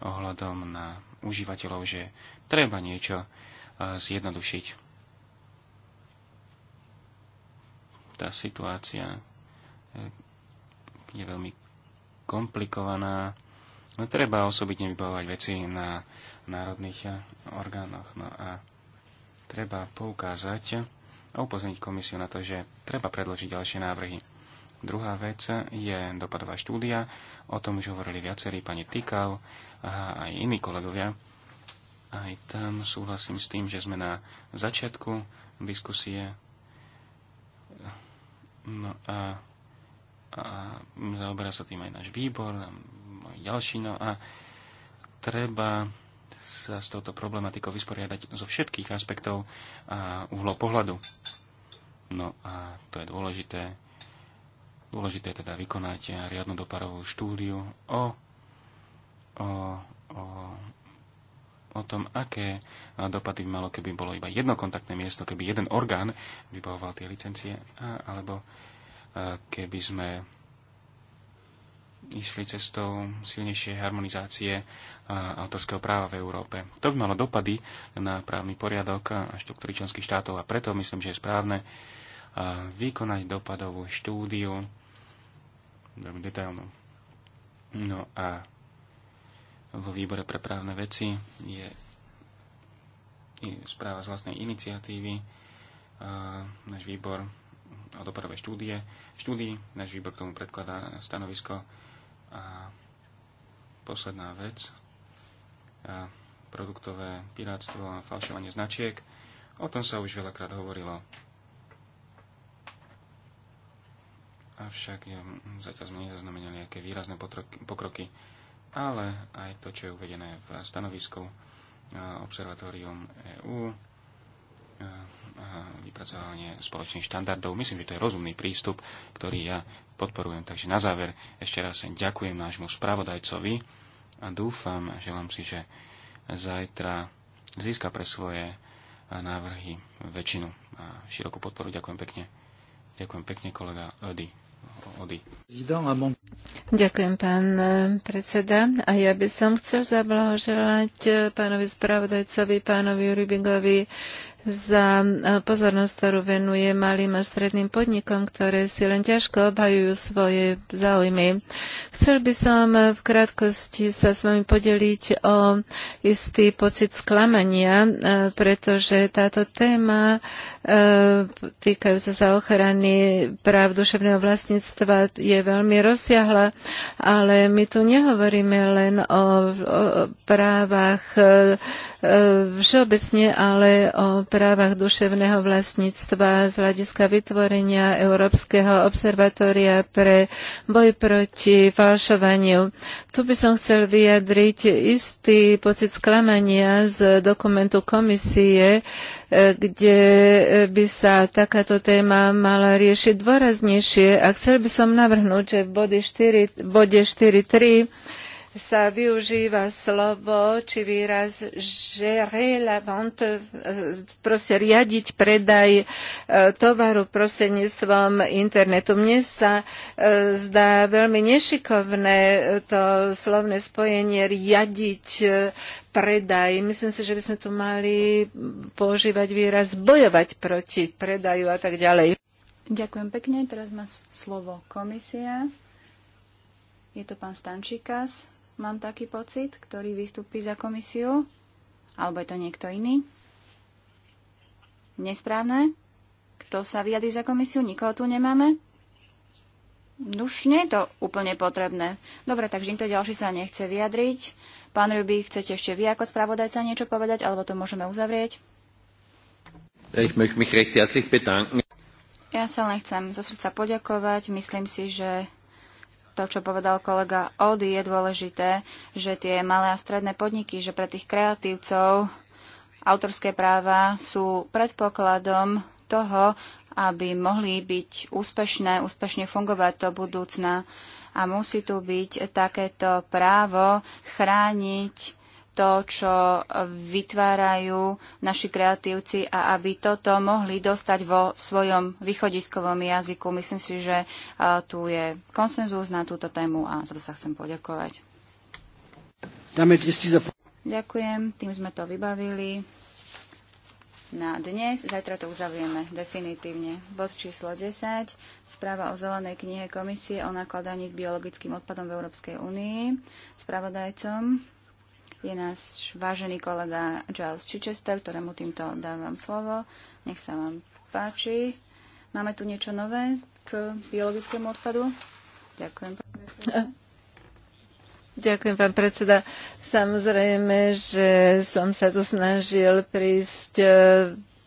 ohľadom na užívateľov, že treba niečo e, zjednodušiť. Tá situácia e, je veľmi komplikovaná treba osobitne vybavovať veci na národných eh, orgánoch. No a treba poukázať a upozorniť komisiu na to, že treba predložiť ďalšie návrhy. Druhá vec je dopadová štúdia. O tom už hovorili viacerí, pani Tikal a aj iní kolegovia. Aj tam súhlasím s tým, že sme na začiatku diskusie. No a, a zaoberá sa tým aj náš výbor, mnohí ďalší. No a treba sa s touto problematikou vysporiadať zo všetkých aspektov a uhlov pohľadu. No a to je dôležité. Dôležité je teda vykonať riadnu doparovú štúdiu o, o, o, o tom, aké dopady by malo, keby bolo iba jedno kontaktné miesto, keby jeden orgán vybavoval tie licencie, alebo keby sme išli cestou silnejšej harmonizácie autorského práva v Európe. To by malo dopady na právny poriadok a štruktúry členských štátov a preto myslím, že je správne vykonať dopadovú štúdiu veľmi detailnú. No a vo výbore pre právne veci je, je správa z vlastnej iniciatívy. Náš výbor o dopadovej štúdie. Štúdii náš výbor k tomu predkladá stanovisko a posledná vec, a produktové pirátstvo a falšovanie značiek, o tom sa už veľakrát hovorilo. Avšak hm, zatiaľ sme nezaznamenali nejaké výrazné pokroky, ale aj to, čo je uvedené v stanovisku Observatórium EU vypracovanie spoločných štandardov. Myslím, že to je rozumný prístup, ktorý ja podporujem. Takže na záver ešte raz ďakujem nášmu spravodajcovi a dúfam a želám si, že zajtra získa pre svoje návrhy väčšinu a širokú podporu. Ďakujem pekne. Ďakujem pekne, kolega Ody. Ody. Ďakujem, pán eh, predseda. A ja by som chcel zablahoželať eh, pánovi spravodajcovi, pánovi Rubingovi za e, pozornosť, ktorú venuje malým a stredným podnikom, ktoré si len ťažko obhajujú svoje záujmy. Chcel by som e, v krátkosti sa s vami podeliť o istý pocit sklamania, e, pretože táto téma týkajúca sa ochrany práv duševného vlastníctva je veľmi rozsiahla, ale my tu nehovoríme len o, o právach E, všeobecne ale o právach duševného vlastníctva z hľadiska vytvorenia Európskeho observatória pre boj proti falšovaniu. Tu by som chcel vyjadriť istý pocit sklamania z dokumentu komisie, e, kde by sa takáto téma mala riešiť dôraznejšie. A chcel by som navrhnúť, že v bode 4, 4.3 sa využíva slovo či výraz že relevant proste riadiť predaj e, tovaru prostredníctvom internetu. Mne sa e, zdá veľmi nešikovné e, to slovné spojenie riadiť predaj. Myslím si, že by sme tu mali používať výraz bojovať proti predaju a tak ďalej. Ďakujem pekne. Teraz má slovo komisia. Je to pán Stančíkas mám taký pocit, ktorý vystúpi za komisiu. Alebo je to niekto iný? Nesprávne? Kto sa vyjadí za komisiu? Nikoho tu nemáme? Už nie je to úplne potrebné. Dobre, takže nikto ďalší sa nechce vyjadriť. Pán Ruby, chcete ešte vy ako spravodajca niečo povedať, alebo to môžeme uzavrieť? Ja sa len chcem zo srdca poďakovať. Myslím si, že to, čo povedal kolega Ody, je dôležité, že tie malé a stredné podniky, že pre tých kreatívcov autorské práva sú predpokladom toho, aby mohli byť úspešné, úspešne fungovať do budúcna. A musí tu byť takéto právo chrániť to, čo vytvárajú naši kreatívci a aby toto mohli dostať vo svojom východiskovom jazyku. Myslím si, že e, tu je konsenzus na túto tému a za to sa chcem poďakovať. Ďakujem, tým sme to vybavili na dnes. Zajtra to uzavrieme definitívne. Bod číslo 10. Správa o zelenej knihe komisie o nakladaní s biologickým odpadom v Európskej únii. Spravodajcom je náš vážený kolega Giles Chichester, ktorému týmto dávam slovo. Nech sa vám páči. Máme tu niečo nové k biologickému odpadu? Ďakujem. Ďakujem, pán predseda. Samozrejme, že som sa tu snažil prísť e,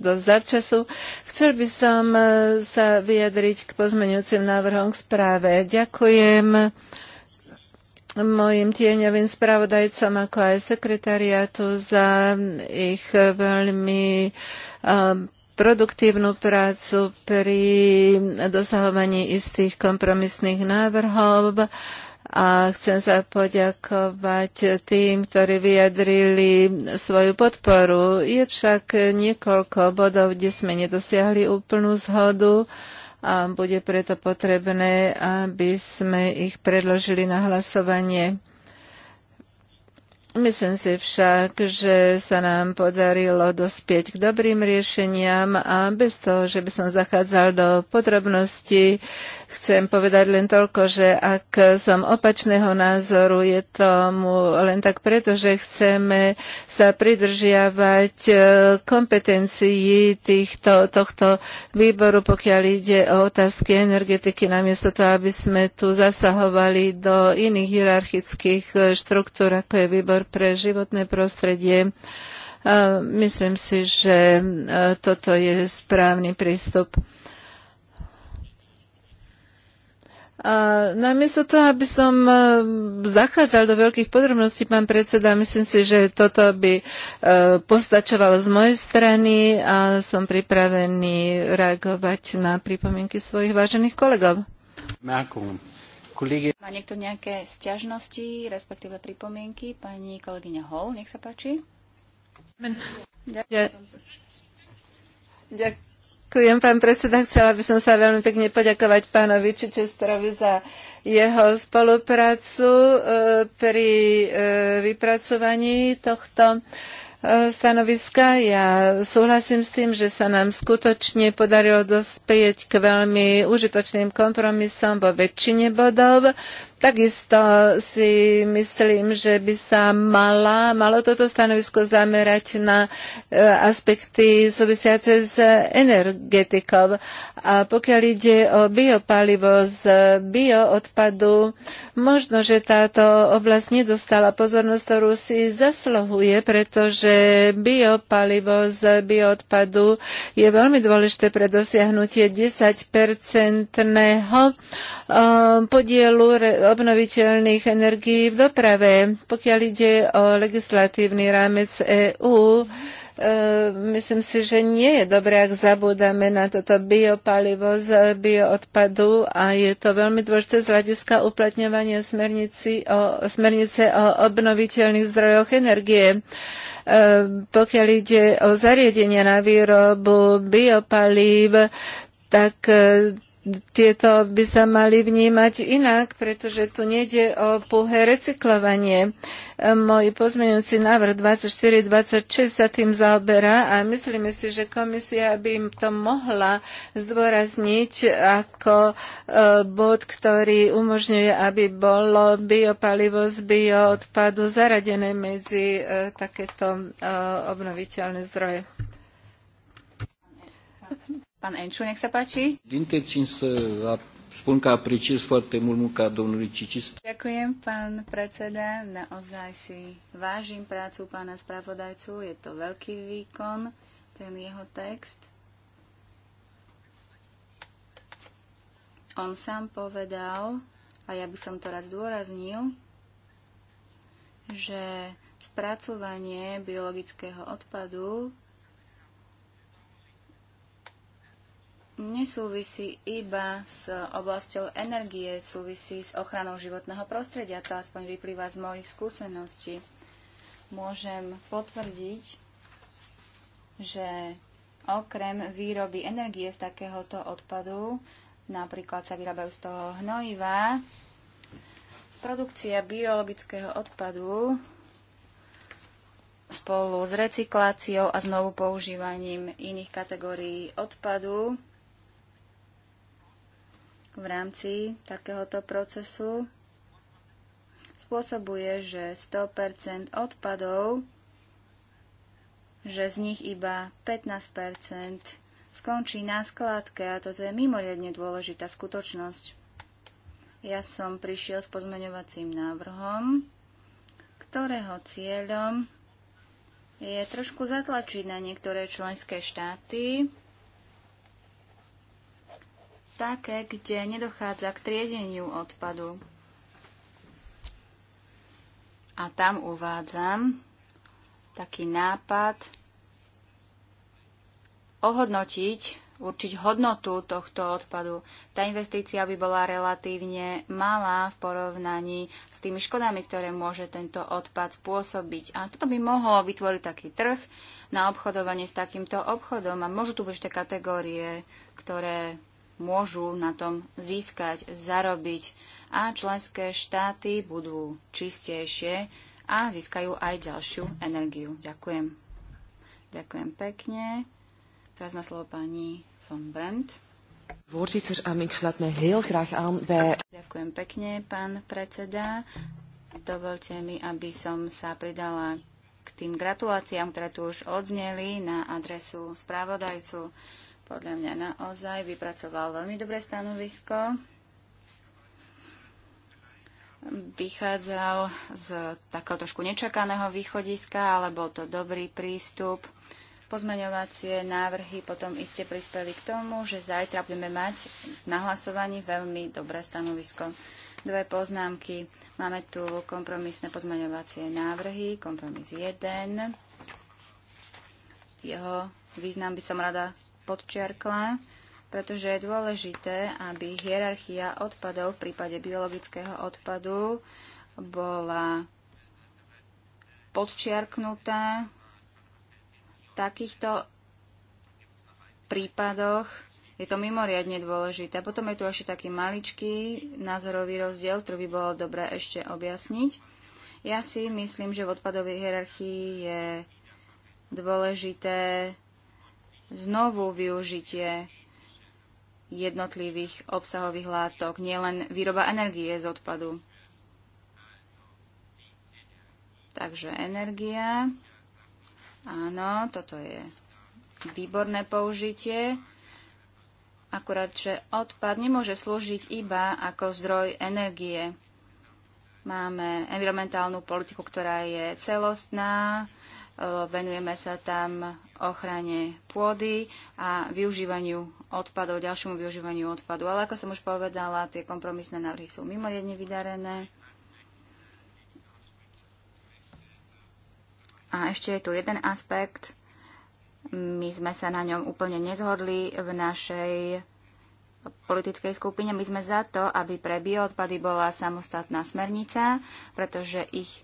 dosť začasu. Chcel by som e, sa vyjadriť k pozmeňujúcim návrhom k správe. Ďakujem mojim tieňovým spravodajcom, ako aj sekretariatu za ich veľmi eh, produktívnu prácu pri dosahovaní istých kompromisných návrhov a chcem sa poďakovať tým, ktorí vyjadrili svoju podporu. Je však niekoľko bodov, kde sme nedosiahli úplnú zhodu a bude preto potrebné, aby sme ich predložili na hlasovanie. Myslím si však, že sa nám podarilo dospieť k dobrým riešeniam a bez toho, že by som zachádzal do podrobností, Chcem povedať len toľko, že ak som opačného názoru, je tomu len tak preto, že chceme sa pridržiavať e, kompetencií týchto, tohto výboru, pokiaľ ide o otázky energetiky, namiesto toho, aby sme tu zasahovali do iných hierarchických e, štruktúr, ako je výbor pre životné prostredie. E, myslím si, že toto je správny prístup. A namiesto toho, aby som e, zachádzal do veľkých podrobností, pán predseda, myslím si, že toto by e, postačovalo z mojej strany a som pripravený reagovať na pripomienky svojich vážených kolegov. Má niekto nejaké stiažnosti, respektíve pripomienky? Pani kolegyňa Hol, nech sa páči. Ďakujem. Ďakujem. Ďakujem, pán predseda. Chcela by som sa veľmi pekne poďakovať pánovi Čičestrovi za jeho spoluprácu e, pri e, vypracovaní tohto e, stanoviska. Ja súhlasím s tým, že sa nám skutočne podarilo dospieť k veľmi užitočným kompromisom vo väčšine bodov. Takisto si myslím, že by sa mala, malo toto stanovisko zamerať na e, aspekty súvisiace s energetikou. A pokiaľ ide o biopalivo z bioodpadu, možno, že táto oblasť nedostala pozornosť, ktorú si zaslohuje, pretože biopalivo z bioodpadu je veľmi dôležité pre dosiahnutie 10-percentného e, podielu obnoviteľných energií v doprave. Pokiaľ ide o legislatívny rámec EÚ, e, myslím si, že nie je dobré, ak zabúdame na toto biopalivo z bioodpadu a je to veľmi dôležité z hľadiska uplatňovania o, smernice o obnoviteľných zdrojoch energie. E, pokiaľ ide o zariadenia na výrobu biopalív, tak e, tieto by sa mali vnímať inak, pretože tu nejde o pouhé recyklovanie. Môj pozmeňujúci návrh 24-26 sa tým zaoberá a myslíme si, že komisia by im to mohla zdôrazniť ako e, bod, ktorý umožňuje, aby bolo biopalivo z bioodpadu zaradené medzi e, takéto e, obnoviteľné zdroje. Pán Enču, nech sa páči. spun că apreciez foarte mult munca domnului Cicis. Ďakujem, pán predseda. Naozaj si vážim prácu pána spravodajcu. Je to veľký výkon, ten jeho text. On sám povedal, a ja by som to raz zdôraznil, že spracovanie biologického odpadu nesúvisí iba s oblasťou energie, súvisí s ochranou životného prostredia. To aspoň vyplýva z mojich skúseností. Môžem potvrdiť, že okrem výroby energie z takéhoto odpadu, napríklad sa vyrábajú z toho hnojivá, produkcia biologického odpadu spolu s recykláciou a znovu používaním iných kategórií odpadu v rámci takéhoto procesu spôsobuje, že 100% odpadov, že z nich iba 15% skončí na skladke a toto je mimoriadne dôležitá skutočnosť. Ja som prišiel s pozmeňovacím návrhom, ktorého cieľom je trošku zatlačiť na niektoré členské štáty, také, kde nedochádza k triedeniu odpadu. A tam uvádzam taký nápad ohodnotiť, určiť hodnotu tohto odpadu. Tá investícia by bola relatívne malá v porovnaní s tými škodami, ktoré môže tento odpad spôsobiť. A toto by mohlo vytvoriť taký trh na obchodovanie s takýmto obchodom. A môžu tu byť tie kategórie, ktoré môžu na tom získať, zarobiť a členské štáty budú čistejšie a získajú aj ďalšiu energiu. Ďakujem. Ďakujem pekne. Teraz má slovo pani von Brandt. Voorzitter, ehm, ik sluit mij heel graag aan bij... Ďakujem pekne, pán predseda. Dovolte mi, aby som sa pridala k tým gratuláciám, ktoré tu už odzneli na adresu správodajcu podľa mňa naozaj vypracoval veľmi dobré stanovisko. Vychádzal z takého trošku nečakaného východiska, ale bol to dobrý prístup. Pozmeňovacie návrhy potom iste prispeli k tomu, že zajtra budeme mať na hlasovaní veľmi dobré stanovisko. Dve poznámky. Máme tu kompromisné pozmeňovacie návrhy, kompromis 1. Jeho význam by som rada podčiarkla, pretože je dôležité, aby hierarchia odpadov v prípade biologického odpadu bola podčiarknutá v takýchto prípadoch je to mimoriadne dôležité. Potom je tu ešte taký maličký názorový rozdiel, ktorý by bolo dobré ešte objasniť. Ja si myslím, že v odpadovej hierarchii je dôležité znovu využitie jednotlivých obsahových látok, nielen výroba energie z odpadu. Takže energia, áno, toto je výborné použitie, akurát, že odpad nemôže slúžiť iba ako zdroj energie. Máme environmentálnu politiku, ktorá je celostná, venujeme sa tam ochrane pôdy a využívaniu odpadov, ďalšiemu využívaniu odpadu. Ale ako som už povedala, tie kompromisné návrhy sú mimoriadne vydarené. A ešte je tu jeden aspekt. My sme sa na ňom úplne nezhodli v našej politickej skupine. My sme za to, aby pre bioodpady bola samostatná smernica, pretože ich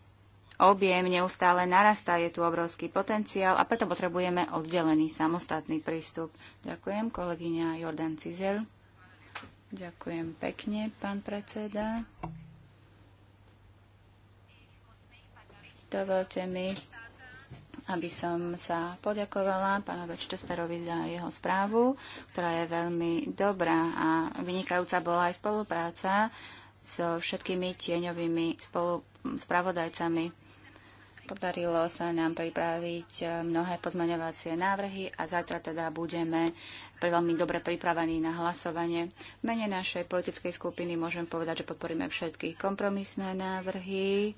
objem neustále narastá, je tu obrovský potenciál a preto potrebujeme oddelený samostatný prístup. Ďakujem, kolegyňa Jordan Cizel. Ďakujem pekne, pán predseda. Dovolte mi, aby som sa poďakovala pánovi Čtesterovi za jeho správu, ktorá je veľmi dobrá a vynikajúca bola aj spolupráca so všetkými tieňovými spolu spravodajcami Podarilo sa nám pripraviť e, mnohé pozmaňovacie návrhy a zajtra teda budeme veľmi dobre pripravení na hlasovanie. V mene našej politickej skupiny môžem povedať, že podporíme všetky kompromisné návrhy.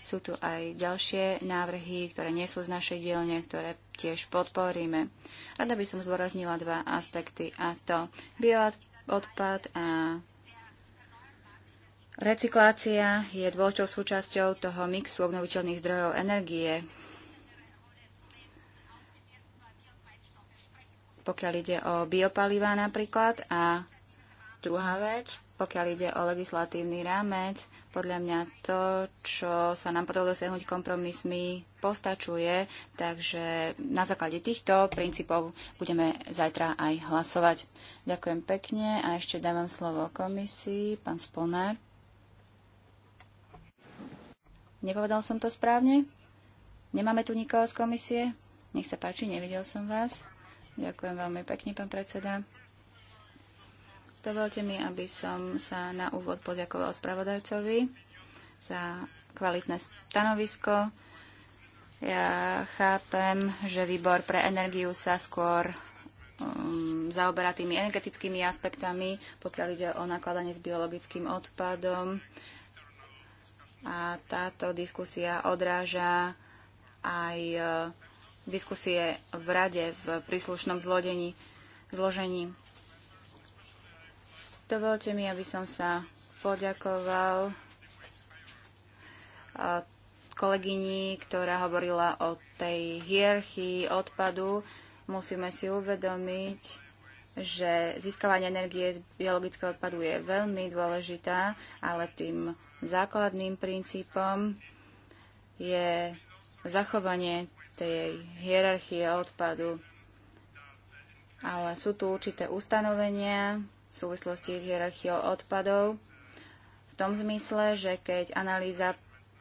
Sú tu aj ďalšie návrhy, ktoré nie sú z našej dielne, ktoré tiež podporíme. Rada by som zdôraznila dva aspekty a to bioodpad a Recyklácia je dôležitou súčasťou toho mixu obnoviteľných zdrojov energie. Pokiaľ ide o biopalivá napríklad a druhá vec, pokiaľ ide o legislatívny rámec, podľa mňa to, čo sa nám podarilo dosiahnuť kompromismi, postačuje. Takže na základe týchto princípov budeme zajtra aj hlasovať. Ďakujem pekne a ešte dávam slovo komisii, pán Sponár. Nepovedal som to správne? Nemáme tu nikoho z komisie? Nech sa páči, nevidel som vás. Ďakujem veľmi pekne, pán predseda. Dovolte mi, aby som sa na úvod poďakoval spravodajcovi za kvalitné stanovisko. Ja chápem, že výbor pre energiu sa skôr um, zaoberá tými energetickými aspektami, pokiaľ ide o nakladanie s biologickým odpadom a táto diskusia odráža aj e, diskusie v rade v príslušnom zlodení, zložení. Dovolte mi, aby som sa poďakoval e, kolegyni, ktorá hovorila o tej hierarchii odpadu. Musíme si uvedomiť, že získavanie energie z biologického odpadu je veľmi dôležitá, ale tým základným princípom je zachovanie tej hierarchie odpadu. Ale sú tu určité ustanovenia v súvislosti s hierarchiou odpadov v tom zmysle, že keď analýza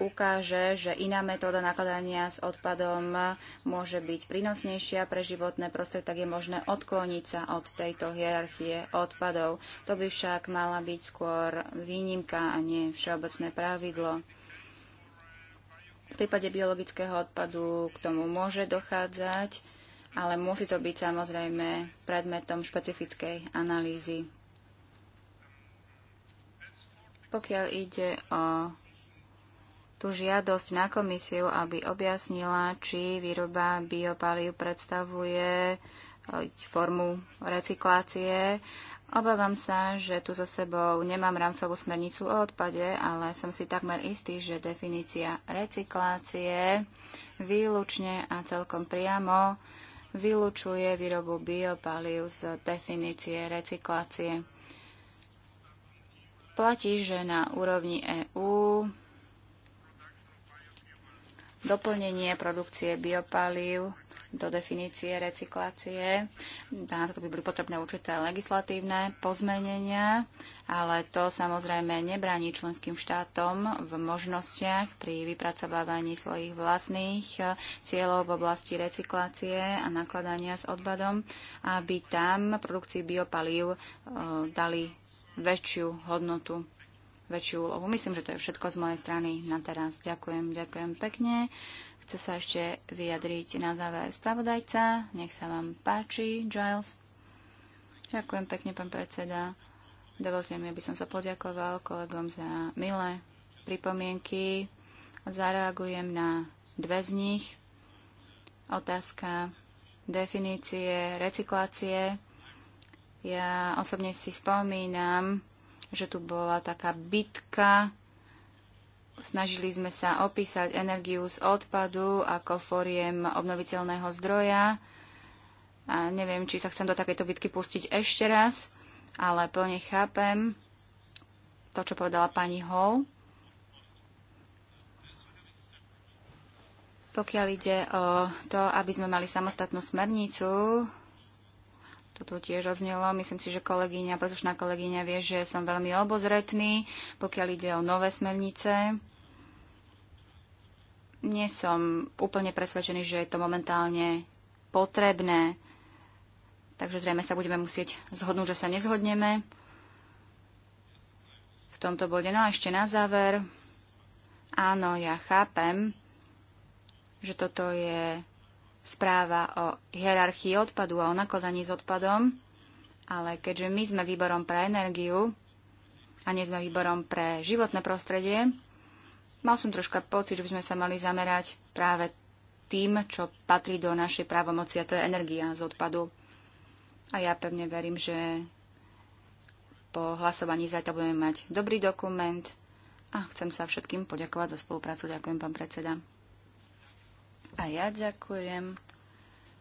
ukáže, že iná metóda nakladania s odpadom môže byť prínosnejšia pre životné prostredie, tak je možné odkloniť sa od tejto hierarchie odpadov. To by však mala byť skôr výnimka a nie všeobecné pravidlo. V prípade biologického odpadu k tomu môže dochádzať, ale musí to byť samozrejme predmetom špecifickej analýzy. Pokiaľ ide o tú žiadosť na komisiu, aby objasnila, či výroba biopalív predstavuje eh, formu recyklácie. Obávam sa, že tu so sebou nemám rámcovú smernicu o odpade, ale som si takmer istý, že definícia recyklácie výlučne a celkom priamo vylúčuje výrobu biopalív z definície recyklácie. Platí, že na úrovni EÚ doplnenie produkcie biopalív do definície recyklácie. Na to by boli potrebné určité legislatívne pozmenenia, ale to samozrejme nebráni členským štátom v možnostiach pri vypracovávaní svojich vlastných eh, cieľov v oblasti recyklácie a nakladania s odpadom, aby tam produkcii biopalív eh, dali väčšiu hodnotu väčšiu úlohu. Myslím, že to je všetko z mojej strany na teraz. Ďakujem, ďakujem pekne. Chce sa ešte vyjadriť na záver spravodajca. Nech sa vám páči, Giles. Ďakujem pekne, pán predseda. Dovolte mi, aby som sa poďakoval kolegom za milé pripomienky. Zareagujem na dve z nich. Otázka definície recyklácie. Ja osobne si spomínam že tu bola taká bitka. Snažili sme sa opísať energiu z odpadu ako fóriem obnoviteľného zdroja. A neviem, či sa chcem do takejto bitky pustiť ešte raz, ale plne chápem to, čo povedala pani Hall. Pokiaľ ide o to, aby sme mali samostatnú smernicu, to tu tiež odznelo. Myslím si, že kolegyňa, pretože kolegyňa vie, že som veľmi obozretný, pokiaľ ide o nové smernice nie som úplne presvedčený, že je to momentálne potrebné. Takže zrejme sa budeme musieť zhodnúť, že sa nezhodneme v tomto bode. No a ešte na záver. Áno, ja chápem, že toto je správa o hierarchii odpadu a o nakladaní s odpadom, ale keďže my sme výborom pre energiu a nie sme výborom pre životné prostredie, mal som troška pocit, že by sme sa mali zamerať práve tým, čo patrí do našej právomoci, a to je energia z odpadu. A ja pevne verím, že po hlasovaní zajtra budeme mať dobrý dokument a chcem sa všetkým poďakovať za spoluprácu. Ďakujem, pán predseda. A ja ďakujem.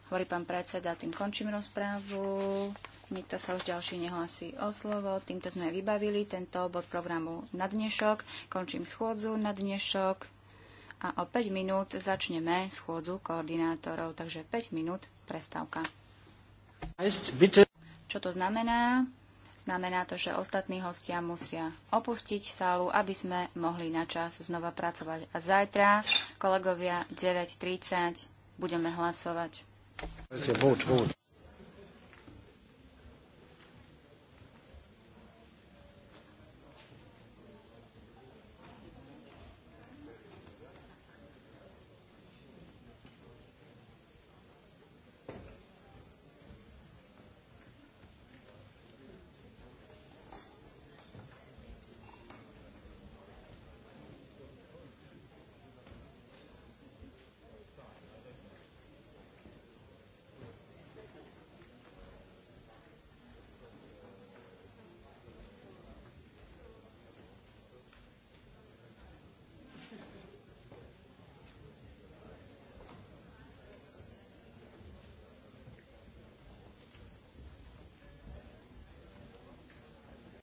Hovorí pán predseda, tým končím rozprávu. Nikto sa už ďalší nehlasí o slovo. Týmto sme vybavili tento bod programu na dnešok. Končím schôdzu na dnešok. A o 5 minút začneme schôdzu koordinátorov, takže 5 minút prestávka. Čo to znamená? Znamená to, že ostatní hostia musia opustiť sálu, aby sme mohli na čas znova pracovať. A zajtra, kolegovia, 9.30 budeme hlasovať.